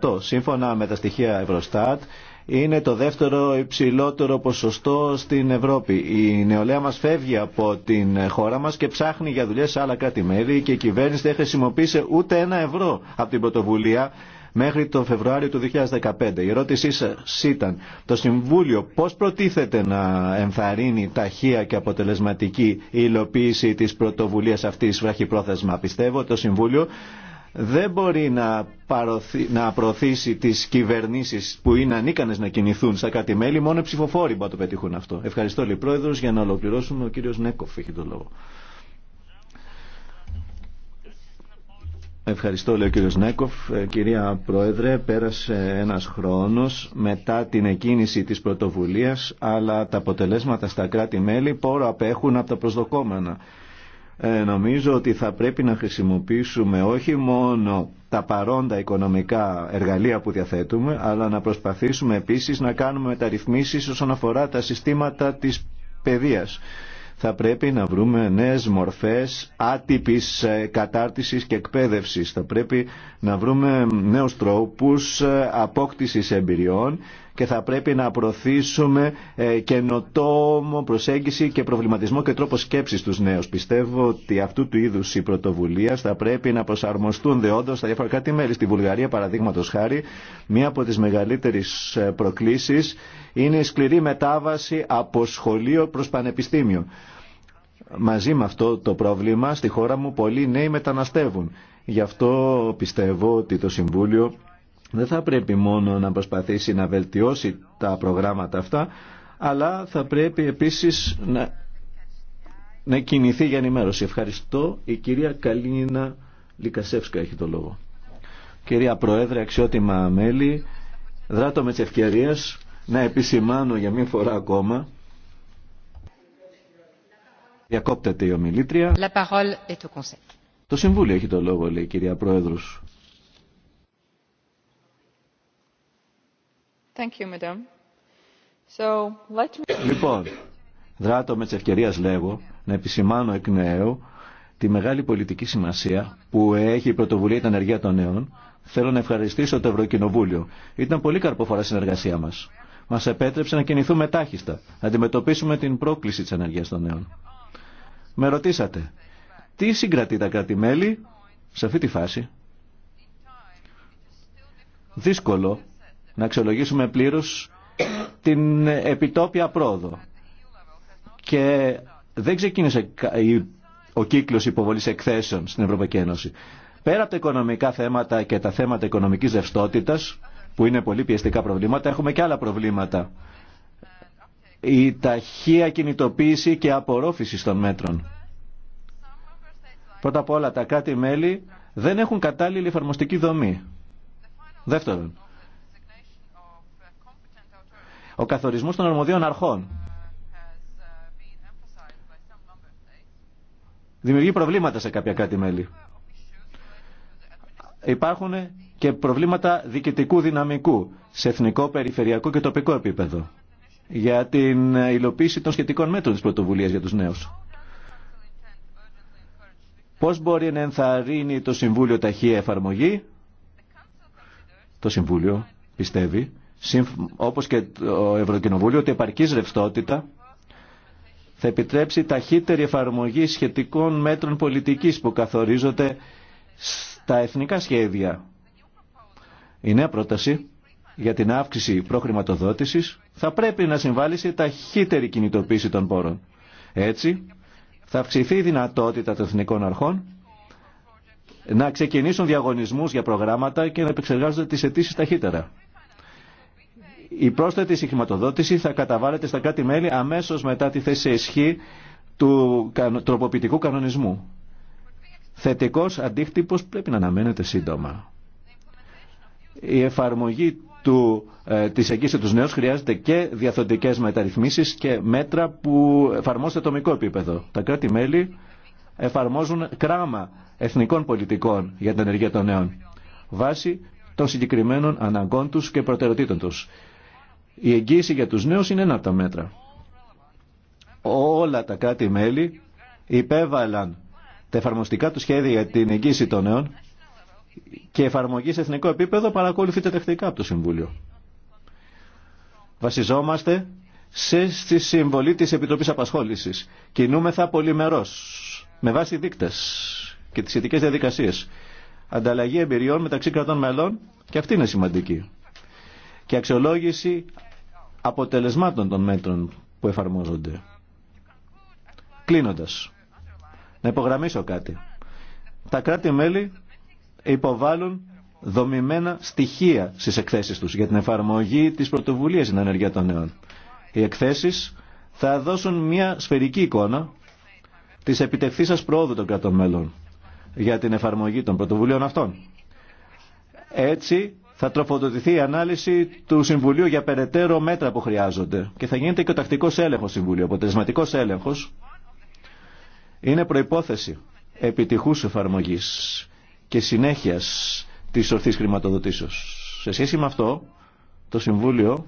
Speaker 1: 40%. Σύμφωνα με τα στοιχεία Ευρωστάτ, είναι το δεύτερο υψηλότερο ποσοστό στην Ευρώπη. Η νεολαία μας φεύγει από την χώρα μας και ψάχνει για δουλειές σε άλλα κράτη-μέρη και η κυβέρνηση δεν χρησιμοποίησε ούτε ένα ευρώ από την πρωτοβουλία μέχρι το Φεβρουάριο του 2015. Η ερώτησή σα ήταν το Συμβούλιο πώς προτίθεται να ενθαρρύνει ταχεία και αποτελεσματική υλοποίηση της πρωτοβουλίας αυτής βραχυπρόθεσμα. Πιστεύω το Συμβούλιο δεν μπορεί να, να προωθήσει τις κυβερνήσεις που είναι ανίκανες να κινηθούν στα κάτι μέλη, μόνο οι ψηφοφόροι να το πετύχουν αυτό. Ευχαριστώ λοιπόν, για να ολοκληρώσουμε ο κύριο Νέκοφ έχει το λόγο. Ευχαριστώ, λέει ο κύριος Νέκοφ. Ε, κυρία Πρόεδρε, πέρασε ένας χρόνος μετά την εκκίνηση της πρωτοβουλίας, αλλά τα αποτελέσματα στα κράτη-μέλη πόρο απέχουν από τα προσδοκόμενα. Ε, νομίζω ότι θα πρέπει να χρησιμοποιήσουμε όχι μόνο τα παρόντα οικονομικά εργαλεία που διαθέτουμε, αλλά να προσπαθήσουμε επίσης να κάνουμε μεταρρυθμίσεις όσον αφορά τα συστήματα της παιδείας θα πρέπει να βρούμε νέες μορφές άτυπης ε, κατάρτισης και εκπαίδευσης. Θα πρέπει να βρούμε νέους τρόπους ε, απόκτησης εμπειριών και θα πρέπει να προωθήσουμε ε, καινοτόμο προσέγγιση και προβληματισμό και τρόπο σκέψης στους νέους. Πιστεύω ότι αυτού του είδους η πρωτοβουλία θα πρέπει να προσαρμοστούν δεόντως στα διάφορα κάτι μέλη. Στη Βουλγαρία, παραδείγματο χάρη, μία από τις μεγαλύτερες ε, προκλήσεις είναι η σκληρή μετάβαση από σχολείο προς πανεπιστήμιο. Μαζί με αυτό το πρόβλημα στη χώρα μου πολλοί νέοι μεταναστεύουν. Γι' αυτό πιστεύω ότι το Συμβούλιο δεν θα πρέπει μόνο να προσπαθήσει να βελτιώσει τα προγράμματα αυτά, αλλά θα πρέπει επίσης να, να κινηθεί για ενημέρωση. Ευχαριστώ. Η κυρία Καλίνα Λικασεύσκα έχει το λόγο. Κυρία Προέδρε, αξιότιμα μέλη, δράτω με τις ευκαιρίες να επισημάνω για μία φορά ακόμα Διακόπτεται η ομιλήτρια. Το Συμβούλιο έχει το λόγο, λέει η κυρία Πρόεδρος. Λοιπόν, δράτω με τη ευκαιρία λέγω να επισημάνω εκ νέου τη μεγάλη πολιτική σημασία που έχει η πρωτοβουλία την ενεργεία των νέων. Θέλω να ευχαριστήσω το Ευρωκοινοβούλιο. Ήταν πολύ καρποφορά συνεργασία μας. Μας επέτρεψε να κινηθούμε τάχιστα, να αντιμετωπίσουμε την πρόκληση της ενεργείας των νέων. Με ρωτήσατε, τι συγκρατεί τα κράτη-μέλη σε αυτή τη φάση. Δύσκολο να αξιολογήσουμε πλήρως την επιτόπια πρόοδο. Και δεν ξεκίνησε ο κύκλος υποβολής εκθέσεων στην Ευρωπαϊκή Ένωση. Πέρα από τα οικονομικά θέματα και τα θέματα οικονομικής ρευστότητας, που είναι πολύ πιεστικά προβλήματα, έχουμε και άλλα προβλήματα. Η ταχεία κινητοποίηση και απορρόφηση των μέτρων. Πρώτα απ' όλα τα κράτη-μέλη δεν έχουν κατάλληλη εφαρμοστική δομή. Δεύτερον, ο καθορισμός των αρμοδίων αρχών. Δημιουργεί προβλήματα σε καποια κάτι κράτη-μέλη. Υπάρχουν και προβλήματα διοικητικού δυναμικού σε εθνικό, περιφερειακό και τοπικό επίπεδο για την υλοποίηση των σχετικών μέτρων της πρωτοβουλίας για τους νέους. Πώς μπορεί να ενθαρρύνει το Συμβούλιο ταχεία εφαρμογή. Το Συμβούλιο πιστεύει όπως και το Ευρωκοινοβούλιο, ότι επαρκής ρευστότητα θα επιτρέψει ταχύτερη εφαρμογή σχετικών μέτρων πολιτικής που καθορίζονται στα εθνικά σχέδια. Η νέα πρόταση για την αύξηση προχρηματοδότησης θα πρέπει να συμβάλλει σε ταχύτερη κινητοποίηση των πόρων. Έτσι, θα αυξηθεί η δυνατότητα των εθνικών αρχών να ξεκινήσουν διαγωνισμούς για προγράμματα και να επεξεργάζονται τις αιτήσει ταχύτερα. Η πρόσθετη συγχρηματοδότηση θα καταβάλλεται στα κρατη μέλη αμέσως μετά τη θέση ισχύ του τροποποιητικού κανονισμού. Θετικός αντίκτυπος πρέπει να αναμένεται σύντομα. Η εφαρμογή του, ε, της εγγύσης του νέους χρειάζεται και διαθοντικές μεταρρυθμίσεις και μέτρα που εφαρμόζονται τομικό επίπεδο. Τα κράτη-μέλη εφαρμόζουν κράμα εθνικών πολιτικών για την ενεργεία των νέων βάσει των συγκεκριμένων αναγκών τους και προτεραιοτήτων τους. Η εγγύηση για τους νέους είναι ένα από τα μέτρα. Όλα τα κράτη-μέλη υπέβαλαν τα εφαρμοστικά του σχέδια για την εγγύηση των νέων και εφαρμογή σε εθνικό επίπεδο παρακολουθείται τεχνικά από το Συμβούλιο. Βασιζόμαστε σε, στη συμβολή της Επιτροπής Απασχόλησης. Κινούμεθα πολυμερώς, με βάση δείκτες και τις ειδικές διαδικασίες. Ανταλλαγή εμπειριών μεταξύ κρατών μελών και αυτή είναι σημαντική. Και αξιολόγηση αποτελεσμάτων των μέτρων που εφαρμόζονται. Κλείνοντας, να υπογραμμίσω κάτι. Τα κράτη-μέλη υποβάλλουν δομημένα στοιχεία στις εκθέσεις τους για την εφαρμογή της πρωτοβουλίας στην ανεργία των νέων. Οι εκθέσεις θα δώσουν μια σφαιρική εικόνα της σας πρόοδου των κρατών μέλων για την εφαρμογή των πρωτοβουλίων αυτών. Έτσι θα τροφοδοτηθεί η ανάλυση του Συμβουλίου για περαιτέρω μέτρα που χρειάζονται και θα γίνεται και ο τακτικός έλεγχος Συμβουλίου. Ο αποτελεσματικός έλεγχος είναι προϋπόθεση επιτυχούς εφαρμογής και συνέχεια της ορθής χρηματοδοτήσεω. Σε σχέση με αυτό, το Συμβούλιο,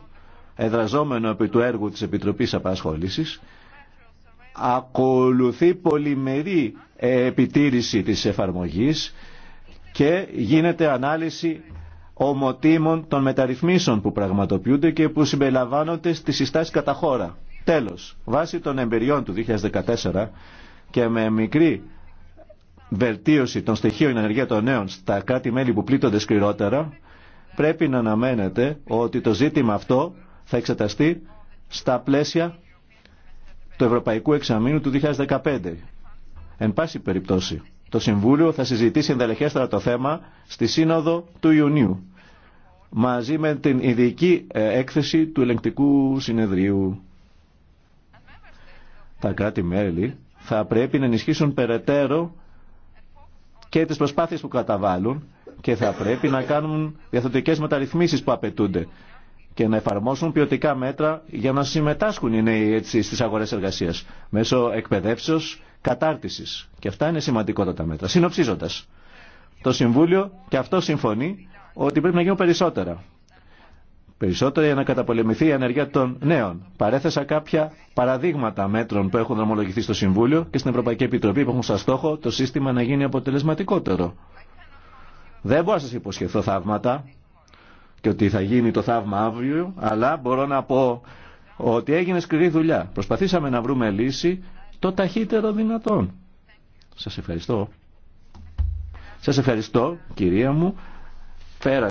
Speaker 1: εδραζόμενο επί του έργου της Επιτροπής Απασχόλησης, ακολουθεί πολυμερή επιτήρηση της εφαρμογής και γίνεται ανάλυση ομοτήμων των μεταρρυθμίσεων που πραγματοποιούνται και που συμπεριλαμβάνονται στις συστάσεις κατά χώρα. Τέλος, βάσει των εμπειριών του 2014 και με μικρή βελτίωση των στοιχείων ενεργεία των νέων στα κράτη-μέλη που πλήττονται σκληρότερα, πρέπει να αναμένεται ότι το ζήτημα αυτό θα εξεταστεί στα πλαίσια του Ευρωπαϊκού Εξαμήνου του 2015. Εν πάση περιπτώσει, το Συμβούλιο θα συζητήσει ενδελεχέστερα το θέμα στη Σύνοδο του Ιουνίου μαζί με την ειδική ε, έκθεση του ελεγκτικού συνεδρίου. Τα κράτη-μέλη θα πρέπει να ενισχύσουν περαιτέρω και τις προσπάθειες που καταβάλουν και θα πρέπει να κάνουν διαθετικές μεταρρυθμίσεις που απαιτούνται και να εφαρμόσουν ποιοτικά μέτρα για να συμμετάσχουν οι νέοι έτσι στις αγορές εργασίας μέσω εκπαιδεύσεως και αυτά είναι σημαντικότατα μέτρα. Συνοψίζοντα. το Συμβούλιο και αυτό συμφωνεί ότι πρέπει να γίνουν περισσότερα. Περισσότερα για να καταπολεμηθεί η ανεργία των νέων. Παρέθεσα κάποια παραδείγματα μέτρων που έχουν δρομολογηθεί στο Συμβούλιο και στην Ευρωπαϊκή Επιτροπή που έχουν σαν στόχο το σύστημα να γίνει αποτελεσματικότερο. Δεν μπορώ να σα υποσχεθώ θαύματα και ότι θα γίνει το θαύμα αύριο, αλλά μπορώ να πω ότι έγινε σκληρή δουλειά. Προσπαθήσαμε να βρούμε λύση το ταχύτερο δυνατόν. Σας ευχαριστώ. Σας ευχαριστώ κυρία μου. Πέρα